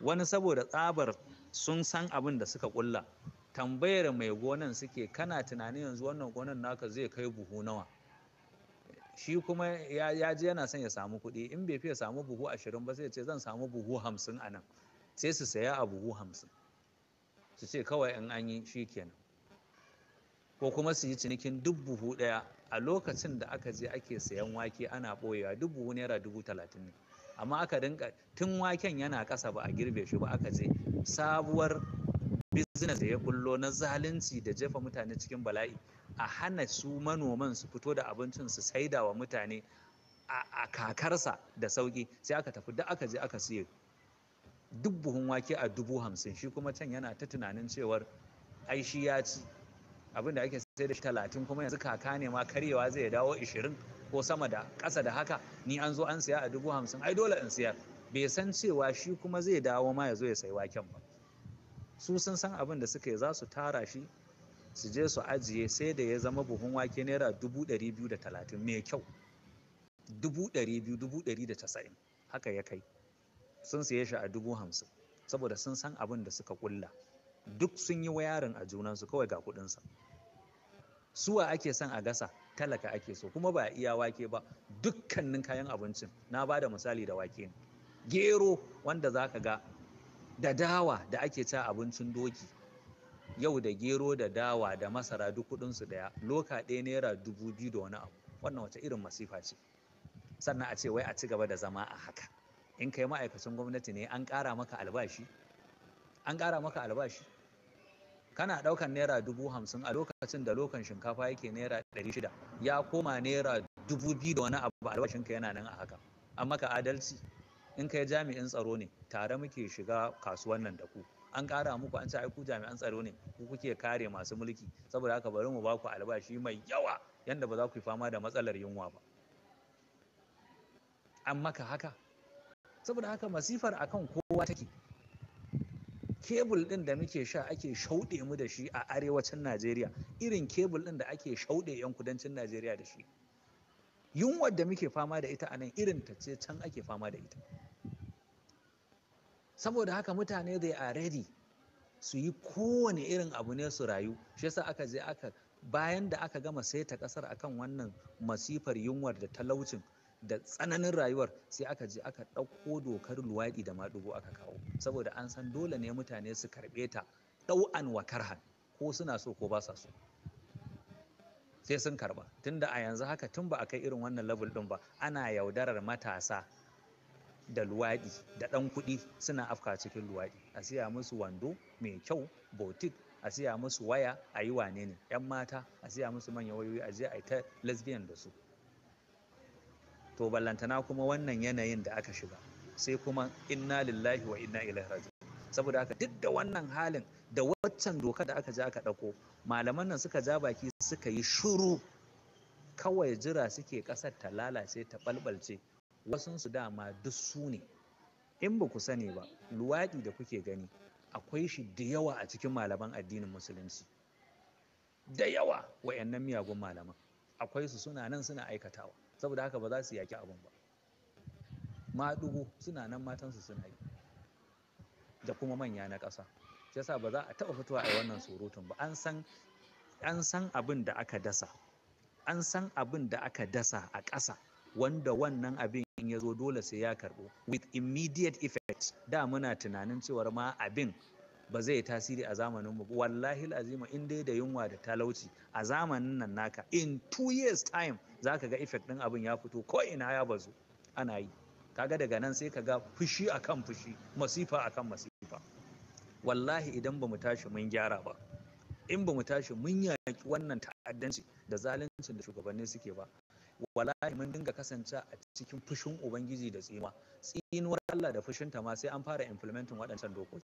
wani saboda tsabar sun san abin da suka kulla tambayar mai gonan suke kana tunanin yanzu wannan gonan naka zai kai buhu nawa shi kuma ya je yana son ya samu kuɗi in bai fi ya samu buhu ashirin ba sai ce zan samu buhu hamsin a nan sai su saya a buhu hamsin su ce kawai in an yi shi kenan ko kuma su yi cinikin duk buhu ɗaya a lokacin da aka je ake sayan wake ana ɓoyewa duk buhu naira dubu talatin ne amma aka dinka tun waken yana ƙasa ba a girbe shi ba aka je sabuwar zina da ya bullo na zalunci da jefa mutane cikin bala'i a hana su manoman su fito da abincin su saida wa mutane a kakarsa da sauki sai aka tafi da aka je aka siye duk buhun wake a dubu hamsin shi kuma can yana ta tunanin cewar ai shi ya ci abinda ake sai da talatin kuma yanzu kaka ne ma karyewa zai dawo ishirin ko sama da ƙasa da haka ni an zo an siya a dubu hamsin ai dole in siyar bai san cewa shi kuma zai dawo ma ya zo ya sayi waken ba su sun san abin da suka yi za su tara shi su je su ajiye sai da ya zama buhun wake naira dubu da talatin mai kyau dubu da casa'in haka ya kai sun siye shi a dubu hamsin saboda sun san abin da suka kulla duk sun yi wayarin a junansu kawai ga kuɗinsa suwa ake son a gasa talaka ake so kuma ba iya wake ba dukkanin kayan abincin na ba da misali da wake ne gero wanda za ka ga da dawa da ake ci abincin doki yau da gero da dawa da masara duk kudinsu ɗaya loka ɗaya naira dubu biyu da wani abu wannan wata irin masifa ce sannan a ce wai a ci gaba da zama a haka in kai ma'aikacin gwamnati ne an ƙara maka albashi an ƙara maka albashi kana ɗaukar naira dubu hamsin a lokacin da lokan shinkafa yake naira ɗari shida ya koma naira dubu biyu da wani abu albashinka yana nan a haka an maka adalci in kai jami'in tsaro ne tare muke shiga kasuwan nan da ku an ƙara muku an ce ai ku jami'an tsaro ne ku kuke kare masu mulki saboda haka bari mu baku albashi mai yawa yanda ba za ku yi fama da matsalar yunwa ba an maka haka saboda haka masifar akan kowa take kebul ɗin da muke sha ake shauɗe mu da shi a arewacin najeriya irin kebul ɗin da ake shauɗe 'yan kudancin najeriya da shi yunwar da muke fama da ita a nan irin ta ce can ake fama da ita saboda haka mutane they are ready su yi kowane irin abu ne su rayu shi yasa aka je aka bayan da aka gama saita kasar akan wannan masifar yunwar da talaucin da tsananin rayuwar sai aka je aka ɗauko dokar luwaɗi da maɗugo aka kawo saboda an san dole ne mutane su karɓe ta ɗau'an wa karhan ko suna so ko ba sa so sai sun karɓa tunda a yanzu haka tun ba a kai irin wannan level ɗin ba ana yaudarar matasa da luwaɗi da ɗan kuɗi suna afka cikin luwaɗi a siya musu wando mai kyau botik a siya musu waya a yi wane ne 'yan mata a siya musu manyan wayoyi a je a yi ta lesbian da su to ballantana kuma wannan yanayin da aka shiga sai kuma inna lillahi wa inna ilaihi raji saboda haka duk da wannan halin da waccan doka da aka je aka ɗauko malaman nan suka ja baki suka yi shuru kawai jira suke ƙasar ta lalace ta ɓalɓalce Wasansu dama duk su ne in ba ku sani ba luwaɗi da kuke gani akwai shi da yawa a cikin malaman addinin musulunci da yawa wayannan miyagun malaman akwai su suna nan suna aikatawa saboda haka ba za su yaki abin ba maɗugo suna nan matansu suna yi da kuma manya na ƙasa shi yasa ba za a taɓa fitowa a wannan surutun ba an san an san abin da aka dasa an san abin da aka dasa a ƙasa wanda wannan abin in ya zo dole sai ya karɓo with immediate effects da muna tunanin cewar ma abin ba zai tasiri a zamanin mu wallahi lazima in dai da yunwa da talauci a zamanin nan naka in two years time zaka ga effect din abin ya fito ko ina ya bazu ana yi kaga daga nan sai kaga fushi akan fushi masifa akan masifa wallahi idan ba mu tashi mun gyara ba in ba mu tashi mun yaki wannan ta'addanci da zaluncin da shugabanni suke ba wallahi mun dinga kasance a cikin fushin ubangiji da tsinuwa tsinuwar Allah da fushin ta ma sai an fara implementing waɗancan dokokin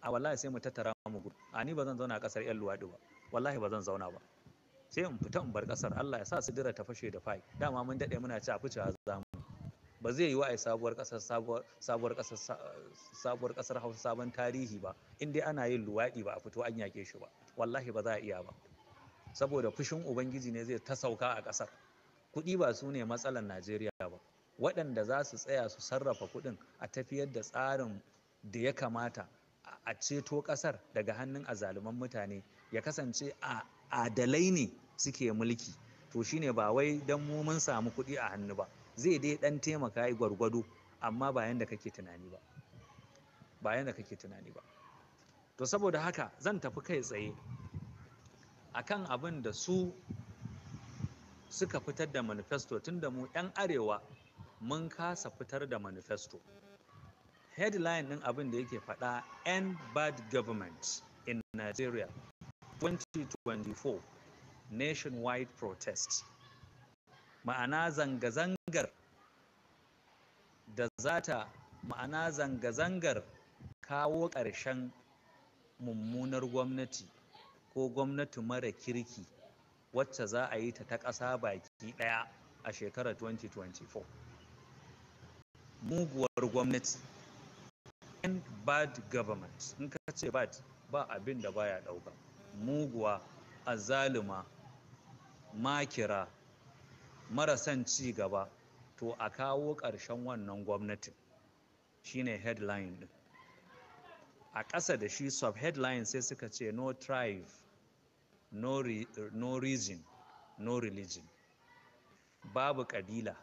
a wallahi sai mu tattara mu gudu a ni ba zan zauna a ƙasar yan luwaɗi ba wallahi ba zan zauna ba sai in fita in bar ƙasar Allah ya sa su dira ta fashe da fai dama mun daɗe muna ci a fice a zamu ba zai yi wa a sabuwar ƙasar sabuwar ƙasar sabuwar ƙasar Hausa sabon tarihi ba in dai ana yin luwaɗi ba a fito an yake shi ba wallahi ba za a iya ba saboda fushin ubangiji ne zai ta sauka a ƙasar kuɗi ba su ne matsalar najeriya ba waɗanda za su tsaya su sarrafa kuɗin a tafiyar da tsarin da ya kamata a ceto ƙasar daga hannun azaluman mutane ya kasance a adalai ne suke mulki to shine ba wai don mu mun samu kuɗi a hannu ba zai dai ɗan taimaka yi gwargwado amma ba yanda kake tunani ba ba yanda kake tunani ba to saboda haka zan tafi kai tsaye akan abin da su suka fitar da manifesto tunda mu 'yan arewa mun kasa fitar da manifesto headline ɗin abin da yake faɗa end bad government in nigeria 2024 nationwide protest ma'ana zanga-zangar da za ma'ana zanga-zangar kawo ƙarshen mummunar gwamnati ko gwamnati mara kirki wacce za a yi ta ta ƙasa baki ɗaya a shekarar 2024 muguwar gwamnati and bad government in ka ce bad ba abin da baya ɗauka muguwa azaluma makira marasan ci gaba to a kawo ƙarshen wannan gwamnatin shine headline ɗin a ƙasa da shi sub-headline sai suka ce no thrive no, re, no reason no religion babu ƙabila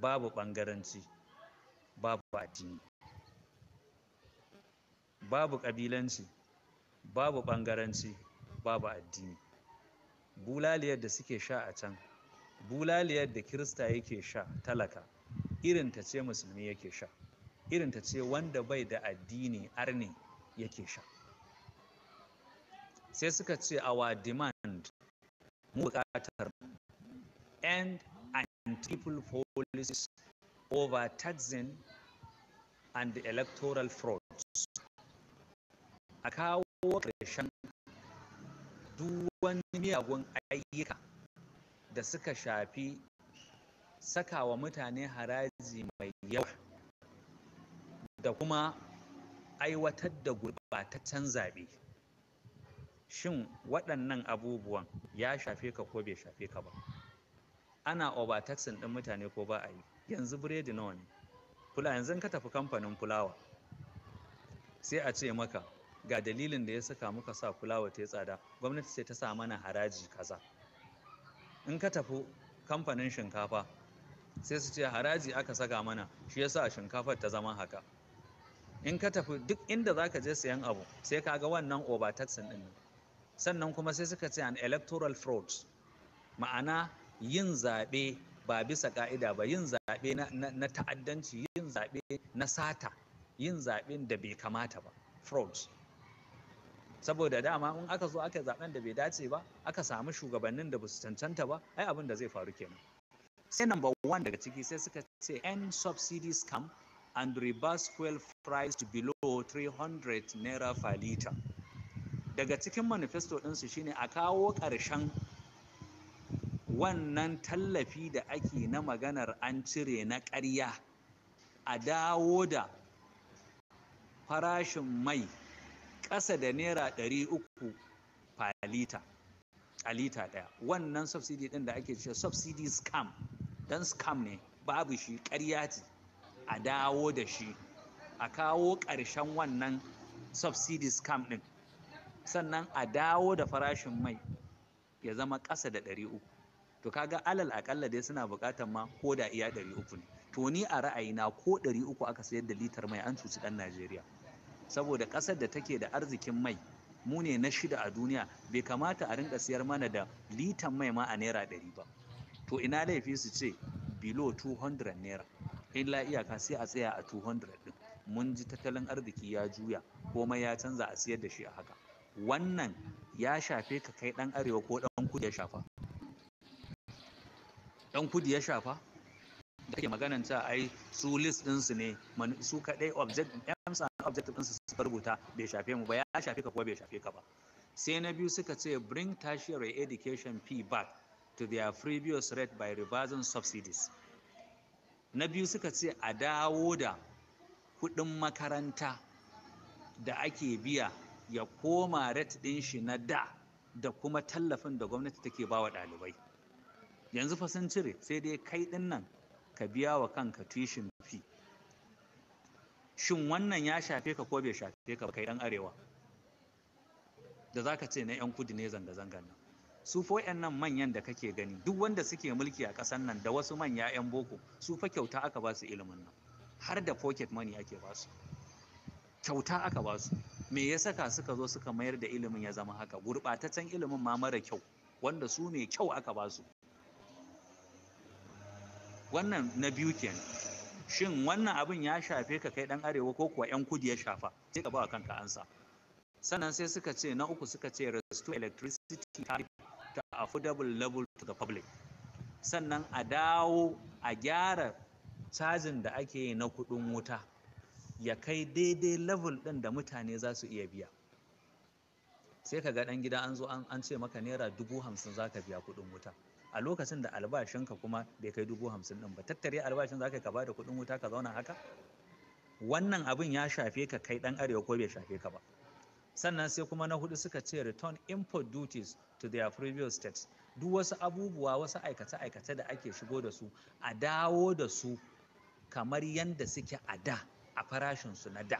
babu ɓangaranci babu addini babu ƙabilanci babu ɓangaranci babu addini bulaliyar da suke sha a can bulaliyar da kirista yake sha talaka irin ta ce musulmi yake sha irin ta ce wanda bai da addini arne yake sha sai suka ce our demand mu buƙatar end and people policies over taxing and electoral frauds a kawo ƙarshen duk wani miyagun ayyuka da suka shafi saka wa mutane haraji mai yawa da kuma aiwatar da gurɓataccen zaɓe. shin waɗannan abubuwan ya shafe ka ko bai shafe ka ba ana overtaxing ɗin mutane ko ba a yi yanzu biredi nawa ne fula yanzu ka tafi kamfanin fulawa sai a ce maka ga dalilin da ya saka muka sa fulawa ta tsada gwamnati ce ta sa mana haraji kaza in ka tafi kamfanin shinkafa sai su ce haraji aka saka mana shi yasa shinkafar ta zama haka in ka tafi duk inda za ka je sayan abu sai ka ga wannan overtaxing ɗin sannan kuma sai suka ce an electoral fraud ma'ana yin zaɓe ba bisa ƙa'ida ba yin zaɓe na ta'addanci yin zaɓe na sata yin zaɓen da bai kamata ba fraud saboda dama in aka zo aka zaɓen da bai dace ba aka samu shugabannin da ba su cancanta ba ai abin da zai faru kenan sai number one daga ciki sai suka ce end subsidy scam and reverse fuel price below 300 naira per liter daga cikin manifesto ɗinsu shine a kawo ƙarshen wannan tallafi da ake na maganar an cire na ƙarya a dawo da farashin mai ƙasa da naira ɗari uku a lita ɗaya wannan subsidy ɗin da ake ce subsidy scam don scam ne babu shi ƙarya ce a dawo da shi a kawo ƙarshen wannan subsidy scam ɗin sannan a dawo da farashin mai ya zama ƙasa da ɗari uku to kaga alal aƙalla dai suna buƙatar ma ko da iya ɗari uku ne to ni a ra'ayina ko ɗari uku aka sayar da litar mai an cuci ɗan najeriya saboda ƙasar da take da arzikin mai mu ne na shida a duniya bai kamata a rinka siyar mana da litar mai ma a naira ɗari ba to ina laifi su ce below 200 naira illa iyaka sai a tsaya a 200 ɗin mun ji tattalin arziki ya juya komai ya canza a siyar da shi a haka wannan ya shafe ka kai ɗan arewa ko ɗan kudu ya shafa ɗan kudu ya shafa da ke maganan ta ai su list ɗinsu ne su kaɗai object amsa objective ɗinsu su rubuta bai shafe mu ba ya shafe ka kuwa bai shafe ka ba sai na biyu suka ce bring tertiary education fee back to their previous rate by reversing subsidies na biyu suka ce a dawo da kuɗin makaranta da ake biya ya koma ret ɗin shi na da da kuma tallafin da gwamnati take ba wa ɗalibai yanzu fa sun cire sai dai kai ɗin nan ka biya wa kanka tuition fee shin wannan ya shafe ka ko bai shafe ka kai ɗan arewa da za ka ce na 'yan kudu ne zanga-zangan nan su fo nan manyan da kake gani duk wanda suke mulki a ƙasar nan da wasu manya 'yan boko su fa kyauta aka ba su ilimin nan har da pocket money ake ba su kyauta aka ba su me ya saka suka zo suka mayar da ilimin ya zama haka gurɓataccen ilimin ma mara kyau wanda su ne kyau aka ba su wannan na biyu kenan shin wannan abin ya shafe ka kai dan arewa ko kuwa yan kudi ya shafa sai ka ba kanka ansa sannan sai suka ce na uku suka ce restore electricity tariff to affordable level to the public sannan a dawo a gyara cajin da ake yi na kudin wuta ya kai daidai level ɗin da mutane za su iya biya sai ka ga ɗan gida an zo an ce maka naira dubu hamsin za ka biya kuɗin wuta a lokacin da albashinka kuma bai kai dubu hamsin ɗin ba tattare albashin za ka ka da kuɗin wuta ka zauna haka wannan abin ya shafe ka kai ɗan arewa ko bai shafe ka ba sannan sai kuma na hudu suka ce return import duties to their previous states duk wasu abubuwa wasu aikace-aikace da ake shigo da su a dawo da su kamar yadda suke a da a farashinsu na da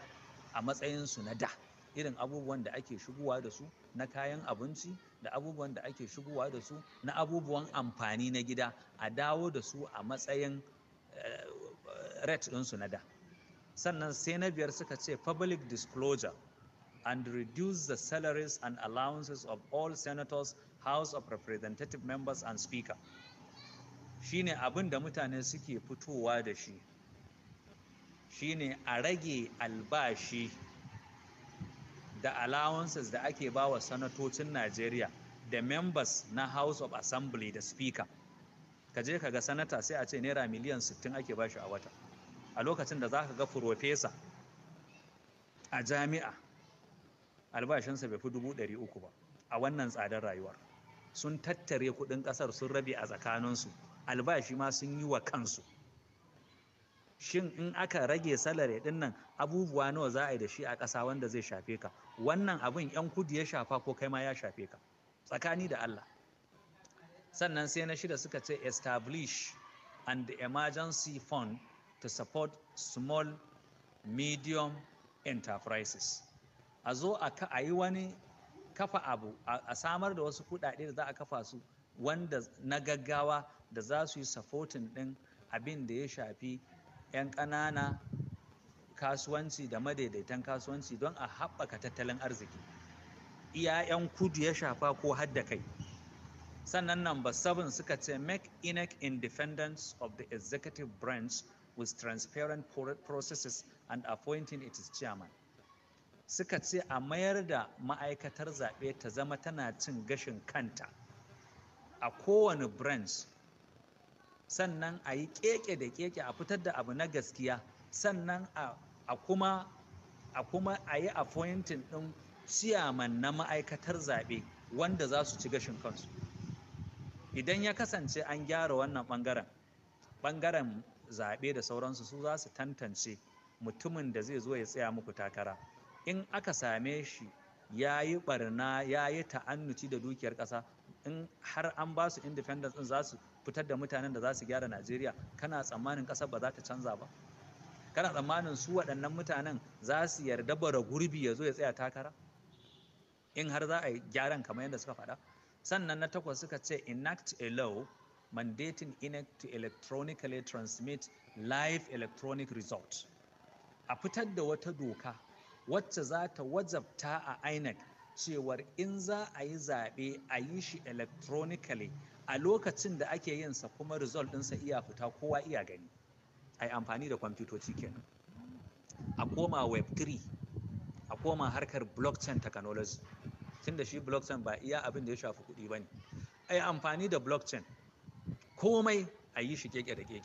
a matsayinsu na da irin abubuwan da ake shigowa da su na kayan abinci da abubuwan da ake shigowa da su na abubuwan amfani na gida a dawo da su a matsayin eh, rate su na da sannan sai na biyar suka ce public disclosure and reduce the salaries and allowances of all senators house of representative members and speaker shine abin da mutane suke fitowa da shi shine a rage albashi da allowances da ake ba wa sanatocin najeriya da members na house of assembly da speaker ka je ka ga sanata sai a ce naira miliyan 60 ake bashi a wata a lokacin da za ka ga furofesa a jami'a albashinsa bai fi dubu ɗari uku ba a wannan tsadar rayuwar sun tattare kuɗin ƙasar sun rabe a tsakaninsu albashi ma sun yi wa kansu shin in aka rage salari din nan abubuwa nawa za a yi da shi a ƙasa wanda zai shafe ka wannan abin yan kudi ya shafa ko kai ma ya shafe ka tsakani da Allah sannan sai na shida suka ce establish an emergency fund to support small medium enterprises a zo a yi wani kafa abu a samar da wasu kudade da za a kafa su wanda na gaggawa da za su yi supporting din abin da ya shafi 'yan ƙanana kasuwanci da madaidaitan kasuwanci don a haɓaka tattalin arziki iya 'yan kudu ya shafa ko har da kai sannan number seven suka ce make inec independence of the executive branch with transparent processes and appointing its chairman suka ce a mayar da ma'aikatar zaɓe ta zama tana cin gashin kanta a kowane branch sannan a yi keke da ƙeƙe a fitar da abu na gaskiya sannan a kuma a kuma a yi appointing ɗin ciyaman na ma'aikatar zaɓe wanda za su ci gashin kansu idan ya kasance an gyara wannan ɓangaren ɓangaren zaɓe da sauransu su za su tantance mutumin da zai zo ya tsaya muku takara in aka same shi ya yi ɓarna ya yi ta'annuci da dukiyar ƙasa in har an ba su independence ɗin za su fitar da mutanen da za su gyara Najeriya kana tsammanin ƙasar ba za ta canza ba kana tsammanin su waɗannan mutanen za su yarda bara gurbi ya zo ya tsaya takara in har za a yi gyaran kamar yadda suka faɗa sannan na takwas suka ce enact a law mandating INEC to electronically transmit live electronic result a fitar da wata doka wacce za ta wajabta a INEC cewar in za a yi zaɓe a yi shi electronically a lokacin da ake yin sa kuma result ɗinsa iya fita kowa iya gani a yi amfani da kwamfutoci kenan a koma web 3 a koma harkar blockchain technology tunda shi blockchain ba iya abin da ya shafi kuɗi ba ne a yi amfani da blockchain komai a yi shi keke da keke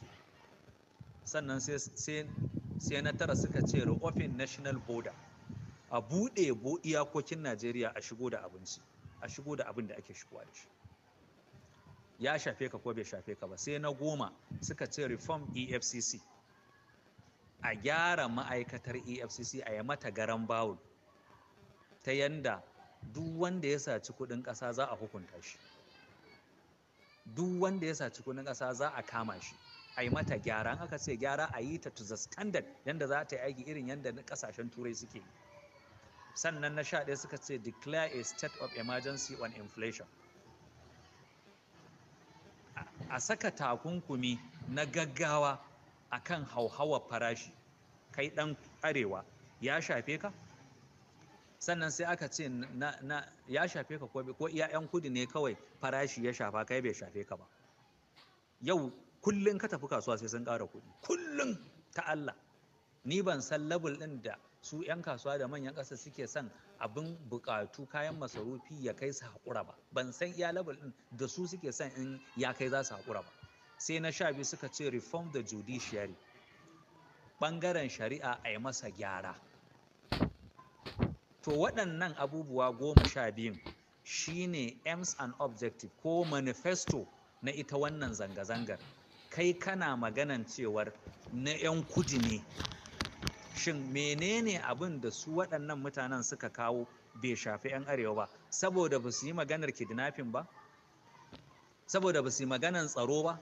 sannan sai na tara suka ce reopen national border a buɗe iyakokin najeriya a shigo da abinci a shigo da abin da ake shigowa da shi ya shafe ka ko bai shafe ka ba sai na goma suka ce reform efcc a gyara ma'aikatar efcc a yi mata garan bawul ta yanda duk wanda ya saci kudin ƙasa za a hukunta shi duk wanda ya saci kudin ƙasa za a kama shi a yi mata gyara aka ce gyara a yi ta to the standard yanda za ta yi aiki irin yanda kasashen turai suke sannan na sha ɗaya suka ce declare a state of emergency on inflation a saka takunkumi na gaggawa a kan hauhawa farashi kai ɗan arewa ya shafe ka sannan sai aka ce na, ya shafe ka ko iya 'yan ne kawai farashi ya shafa kai bai shafe ka ba yau kullum ka tafi kasuwa sai sun ƙara kuɗi kullum ta Allah ni ban san labul ɗin da su 'yan kasuwa da manyan ƙasa suke son abin buƙatu kayan masarufi ya kai su haƙura ba ban san iya level ɗin da su suke son in ya kai za su haƙura ba sai na sha biyu suka ce reform the judiciary ɓangaren shari'a a yi masa gyara to waɗannan abubuwa goma sha biyun shine aims and objective ko manifesto na ita wannan zanga-zangar kai kana maganan cewar na 'yan kudi ne shin menene abin da su waɗannan mutanen suka kawo bai shafi 'yan arewa ba saboda ba su yi maganar kidnapping ba saboda ba su yi maganar tsaro ba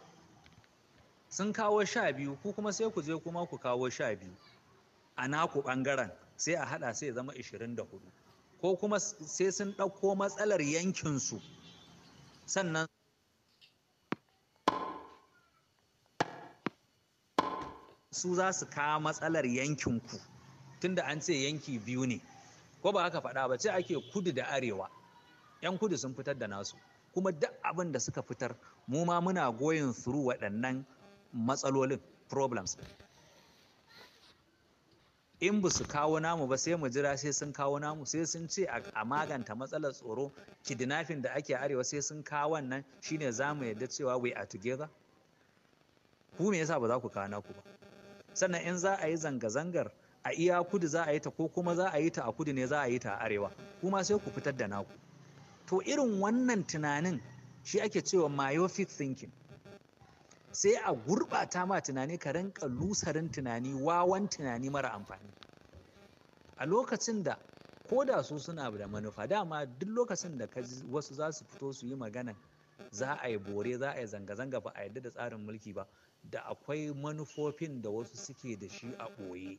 sun kawo sha biyu ku kuma sai ku je kuma ku kawo sha biyu a naku ɓangaren sai a haɗa sai zama 24 ko kuma sai sun ɗauko matsalar yankinsu sannan su za su kawo matsalar yankinku tunda an ce yanki biyu ne ko ba haka faɗa ba ce ake kudu da arewa yan kudu sun fitar da nasu kuma duk abin da suka fitar mu ma muna goyin through waɗannan matsalolin problems in ba su kawo namu ba sai mu jira sai sun kawo namu sai sun ce a maganta matsalar tsoro kidnapping da ake arewa sai sun kawo wannan shine za mu yadda cewa we are together ku me yasa ba za ku kawo naku ba sannan in za a yi zanga-zangar a iya kudu za a yi ta ko kuma za a yi ta a kudu ne za a yi ta a arewa kuma sai ku fitar da naku to irin wannan tunanin shi ake cewa myopic thinking sai a gurɓata ma tunani ka rinka lusarin tunani wawan tunani mara amfani a lokacin da ko da su suna da manufa dama duk lokacin da ka wasu za su fito su yi magana za a yi bore za a yi zanga-zanga ba a yarda da tsarin mulki ba da akwai manufofin da wasu suke da shi a ɓoye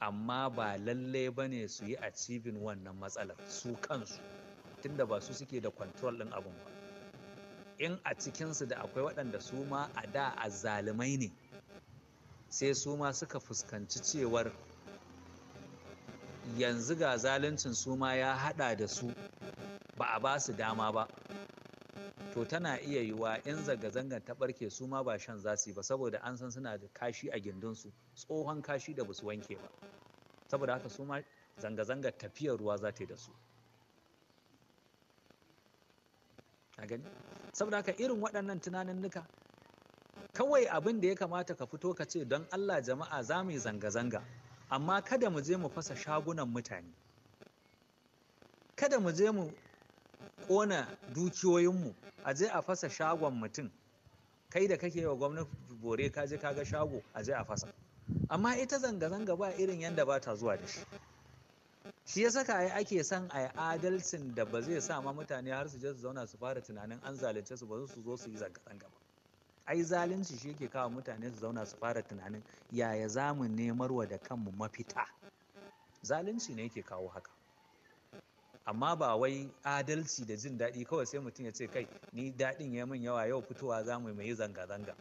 amma ba lalle ba ne su yi a cibin wannan matsalar su kansu tunda ba su suke da kwantrol ɗin abin ba in a cikinsu da akwai waɗanda su ma a da a zalimai ne sai su ma suka fuskanci cewar yanzu ga zaluncin su ma ya haɗa da su ba a ba su dama ba to tana iya yiwa in zanga-zangar ta ɓarke su ma ba shan zasu ba saboda an san suna da kashi a gindinsu tsohon kashi da basu wanke ba saboda haka su ma zanga-zangar tafiyar ruwa za ta yi da su saboda haka irin waɗannan tunanin tunaninnika kawai abin da ya kamata ka fito ka ce don allah jama'a za mu yi zanga-zanga amma kada mu je mu fasa shagunan mutane kada mu je mu Kona dukiyoyinmu a je a fasa shagon mutum kai da kake wa gwamnati bore ka je kaga shago a je a fasa amma ita zanga-zanga ba irin yadda ba ta zuwa da shi shi ya saka ai ake son a yi adalcin da ba zai sa ma mutane har su je su zauna su fara tunanin an zalunce su ba su zo su yi zanga-zanga ba ai zalunci shi yake kawo mutane su zauna su fara tunanin yaya za mu nemar wa da kanmu mafita zalunci ne yake kawo haka amma ba wai adalci da jin daɗi kawai sai mutum ya ce kai ni daɗin ya min yawa yau fitowa za mu yi zanga-zanga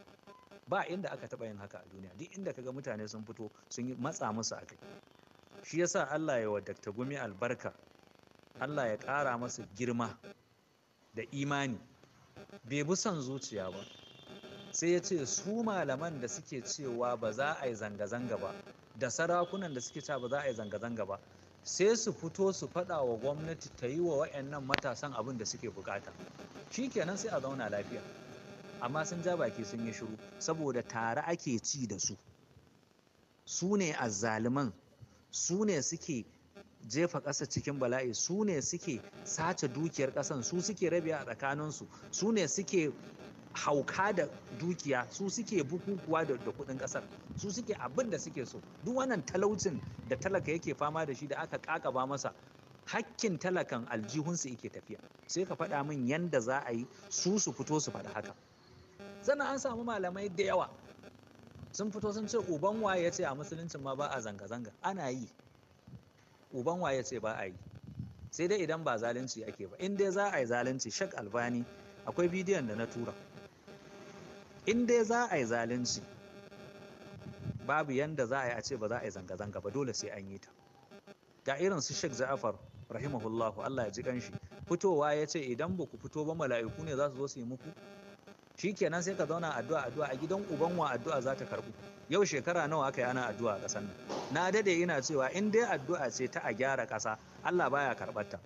ba inda aka taɓa yin haka a duniya duk inda kaga mutane sun fito sun yi matsa musu a kai shi yasa Allah ya wa Dr. Gumi albarka Allah ya ƙara masa girma da imani bai bi son zuciya ba sai ya ce su malaman da suke cewa ba za a yi zanga-zanga ba da sarakunan da suke cewa ba za a yi zanga-zanga ba sai su fito su faɗa wa gwamnati ta yi wa wayannan matasan abin da suke bukata shi kenan sai a zauna lafiya amma sun ja baki sun yi shiru saboda tare ake ci da su su ne azzaliman su ne suke jefa ƙasa cikin bala'i su ne suke sace dukiyar ƙasan su suke rabiya a tsakaninsu su ne suke hauka da dukiya su suke bukukuwa da kuɗin ƙasar su suke abin da suke so duk wannan talaucin da talaka yake fama da shi da aka ƙaƙaba masa hakkin talakan aljihunsu yake tafiya sai ka faɗa min yanda za a yi su su fito su faɗa haka zana an samu malamai da yawa sun fito sun ce uban ya ce a musuluncin ma ba a zanga-zanga ana yi uban ya ce ba a yi sai dai idan ba zalunci ake ba in dai za a yi zalunci shak albani akwai bidiyon da na tura in dai za a yi zalunci babu yanda za a yi a ce ba za a yi zanga-zanga ba dole sai an yi ta ga irin su shek za'afar rahimahullahu Allah ya ji kanshi fitowa ya ce idan ba ku fito ba mala'iku ne za su zo su yi muku kenan sai ka zauna addu'a addu'a a gidan uban wa addu'a za ta karbu yau shekara nawa aka yi ana addu'a a ƙasar nan na dade ina cewa in dai addu'a ce ta a gyara ƙasa Allah baya karɓar ta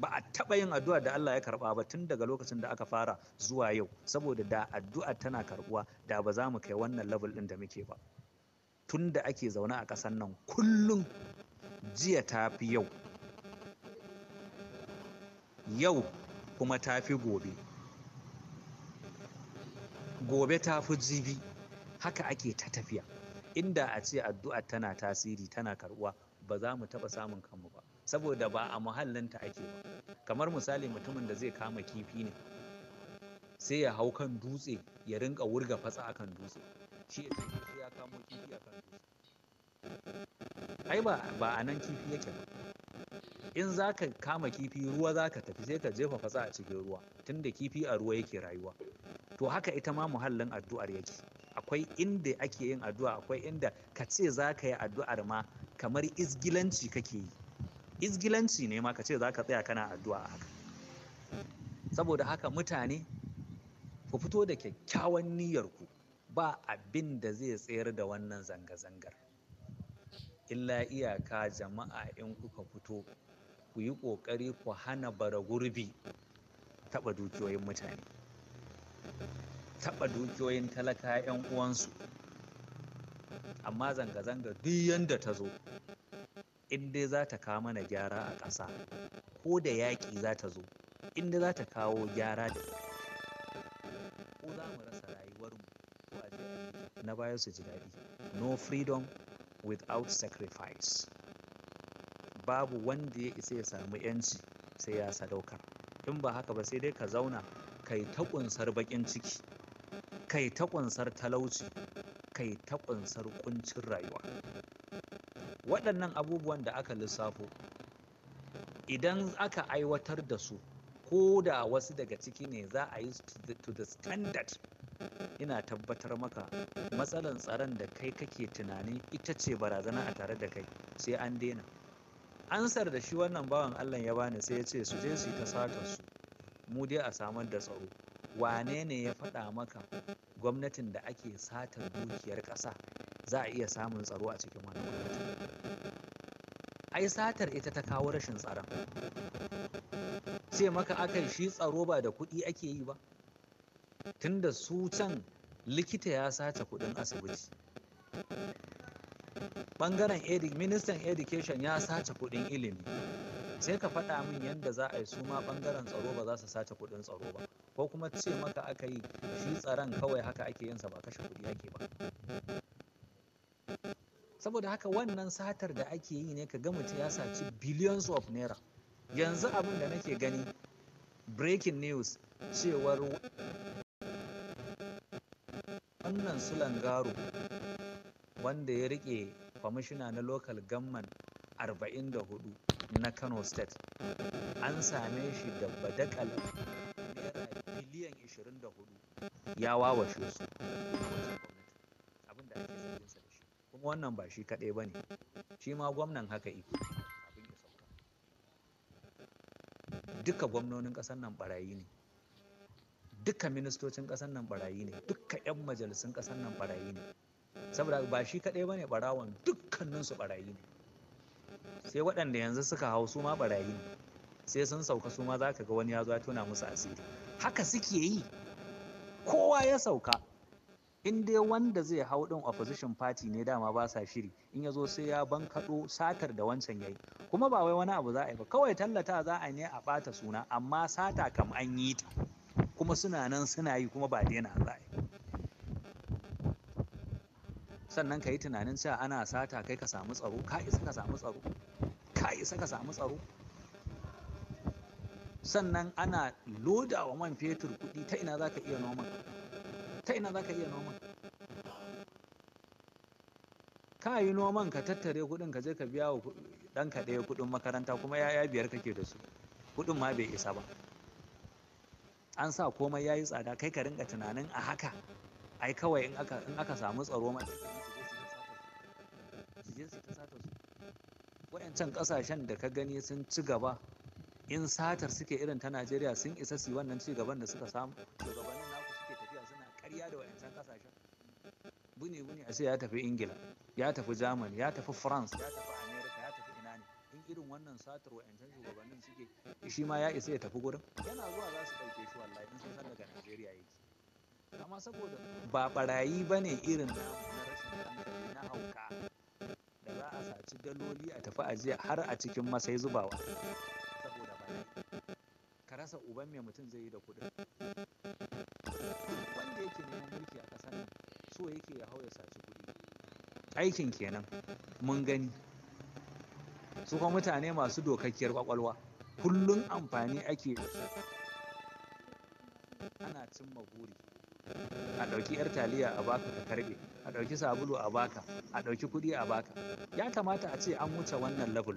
ba a taɓa yin addu'a da Allah ya karɓa ba tun daga lokacin da aka fara zuwa yau saboda da addu'a tana karɓuwa da ba za mu kai wannan level ɗin da muke ba tun da ake zaune a ƙasar nan kullum jiya ta fi yau yau kuma ta fi gobe gobe ta fi jibi haka ake ta tafiya inda a ce addu'a tana tasiri tana karɓuwa ba za mu taɓa samun kanmu ba saboda ba a muhallinta ake ba kamar misali mutumin da zai kama kifi ne sai ya hau kan dutse ya rinka wurga fatsa akan dutse shi ya ya kamo kifi akan dutse ai ba ba a nan kifi yake ba in za ka kama kifi ruwa za ka tafi sai ka jefa fatsa a cikin ruwa tunda kifi a ruwa yake rayuwa to haka ita ma muhallin addu'ar yake akwai inda ake yin addu'a akwai inda ka ce za ka yi addu'ar ma kamar izgilanci kake yi izgilanci ne ma ka ce za ka tsaya kana addu'a a haka saboda haka mutane ku fito da kyakkyawan niyyarku ba abin da zai tsayar da wannan zanga-zangar illa iyaka jama'a in kuka fito ku yi ƙoƙari ku hana bara gurbi taɓa dukiyoyin mutane taɓa dukiyoyin talaka 'yan uwansu amma zanga-zanga duk yadda ta zo inda za ta kawo mana gyara a ƙasa ko da yaƙi za ta zo in za ta kawo gyara da ko za mu rasa rayuwarmu ko a na baya su ji daɗi no freedom without sacrifice babu wanda ya isa ya samu yanci sai ya sadaukar in ba haka ba sai dai ka zauna kai ta ƙunsar baƙin ciki kai ta ƙunsar talauci kai ta ƙunsar ƙuncin rayuwa waɗannan abubuwan da aka lissafo idan aka aiwatar da su ko da wasu daga ciki ne za a yi to the standard ina tabbatar maka matsalan tsaron da kai kake tunani ita ce barazana a tare da kai sai an daina ansar da shi wannan bawan allah ya bani sai ya ce su je su yi ta satar su mu dai a samar da tsaro wane ne ya faɗa maka gwamnatin da ake satar dukiyar ƙasa za a iya samun tsaro a cikin wannan gwamnati ai satar ita ta kawo rashin tsaron sai maka yi shi tsaro ba da kuɗi ake yi ba tunda su can likita ya sace kuɗin asibiti ɓangaren ministan education ya sace kuɗin ilimi sai ka faɗa min yadda za a yi su ma ɓangaren tsaro ba za su sace kuɗin tsaro ba ko kuma ce maka aka yi shi tsaron kawai haka ake yinsa ba kashe kuɗi ake ba saboda haka wannan satar da ake yi ne ka ga mutum ya saci billions of naira yanzu abin da nake gani breaking news cewar wannan sulangaro wanda ya rike kwamishina na local gamman 44 na kano state an same shi da badakal naira biliyan 24 ya wawashe su wannan ba shi kaɗai ba ne shi ma gwamnan haka iko abin duka gwamnonin ƙasar nan barayi ne duka ministocin ƙasar nan barayi ne duka 'yan majalisun ƙasar nan barayi ne saboda ba shi kaɗai ba ne ɓarawon dukkaninsu barayi ne sai waɗanda yanzu suka hau su ma barayi ne sai sun sauka su ma za ka ga wani ya zo ya tona musu asiri haka suke yi kowa ya sauka in dai wanda zai hau din opposition mm. party ne dama ba sa shiri in ya zo sai ya bankaɗo satar da wancan yayi kuma ba wai wani abu za a yi ba kawai tallata za a ne a ɓata suna amma sata kam an yi ta kuma suna nan suna yi kuma ba daina za a yi sannan ka yi tunanin cewa ana sata kai ka samu tsaro ka isa ka samu tsaro ka isa ka samu tsaro sannan ana loda wa man fetur kuɗi ta ina za ka iya noman ta ina za ka iya noman ka yi noman ka tattare kudin ka je ka biya wa ɗanka ɗaya kuɗin makaranta kuma ya ya biyar kake da su kuɗin ma bai isa ba an sa komai ya yi tsada kai ka rinka tunanin a haka ai kawai in aka in aka samu tsaro ma su ta sata su wayancan kasashen da ka gani sun ci gaba in satar suke irin ta Najeriya sun isa su wannan ci gaban da suka samu sai ya tafi ingila ya tafi germany ya tafi france ya tafi america ya tafi ina ne in irin wannan satar wa'ancan shugabannin suke shi ma ya isa ya tafi gurin yana zuwa za su ɗauke shi wallahi in sun san daga najeriya yake amma saboda ba barayi ba ne irin na rashin hankali na hauka da za a saci daloli a tafi ajiya har a cikin masai zubawa saboda ka rasa uban mai mutum zai yi da kuɗin wanda yake neman mulki a ƙasar nan so yake ya hau ya saci kuɗi aikin kenan mun gani su kuma mutane masu dokakkiyar kwakwalwa kullum amfani ake ana cimma buri a ɗauki 'yar taliya a baka ka karɓe a ɗauki sabulu a baka a ɗauki kuɗi a baka ya kamata a ce an wuce wannan level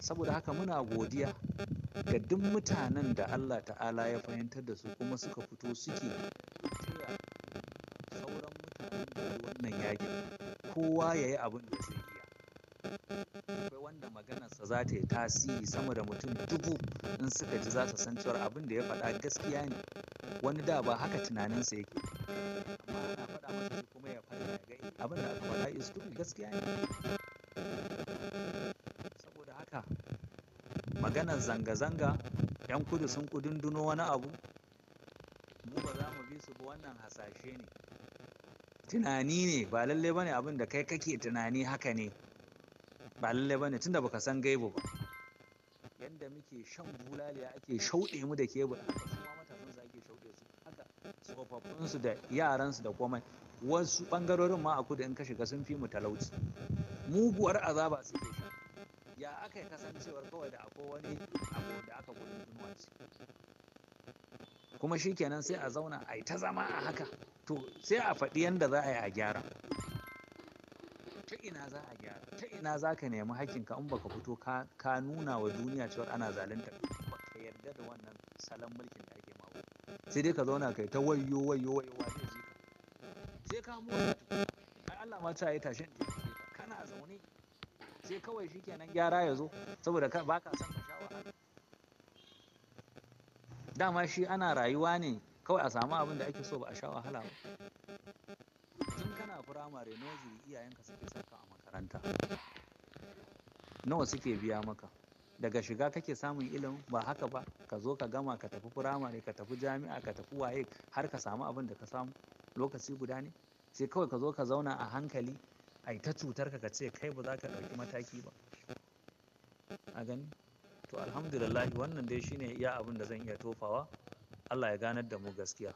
saboda haka muna godiya ga duk mutanen da Allah ta'ala ya fahimtar da su kuma suka fito suke wannan yakin kowa ya yi abin da zai iya akwai wanda maganarsa za ta yi tasiri sama da mutum dubu in suka ji za su san cewar abin da ya faɗa gaskiya ne wani da ba haka tunaninsa yake amma ana faɗa masa shi kuma ya faɗa ya gai abin da aka faɗa is true gaskiya ne saboda haka maganar zanga-zanga 'yan kudu sun kudunduno wani abu mu ba za mu bi su ba wannan hasashe ne tunani ne ba lalle bane abin da kai kake tunani haka ne ba lalle bane tunda baka san gaibo ba yanda muke shan bulaliya ake shauɗe mu da kebur haka su matasan su shauɗe su haka tsofaffin su da yaran su da komai wasu bangarorin ma a kudu in ka shiga sun fi mu talauci muguwar azaba su ke ya aka yi kasancewar kawai da akwai wani abu da aka gudun inuwa ce kuma shikenan sai a zauna a yi ta zama a haka to sai a faɗi yadda za a yi a gyara ta ina za a gyara ta ina za ka nemi hakinka in baka fito ka nuna wa duniya cewa ana zalunta ka yarda da wannan salon mulkin da ake mawa sai dai ka zauna kai ta wayo wayo wayo wa zai ka sai ka mu wata ai Allah ma ta yi tashin da kana zaune sai kawai shikenan gyara ya zo saboda baka son ka sha wahala dama shi ana rayuwa ne kawai a samu abin da ake so ba a sha wahala ba tun kana firamare noziri iyayenka suke saka a makaranta nawa suke biya maka daga shiga kake samun ilimi, ba haka ba ka zo ka gama ka tafi firamare ka tafi jami'a ka tafi waye har ka samu abin da ka samu lokaci guda ne sai kawai ka zo ka zauna a hankali a ta cutar ka ce kai ba za ka ɗauki mataki ba a gani to alhamdulillahi wannan dai shine iya abin da zan iya tofawa Allah ya ganar da mu gaskiya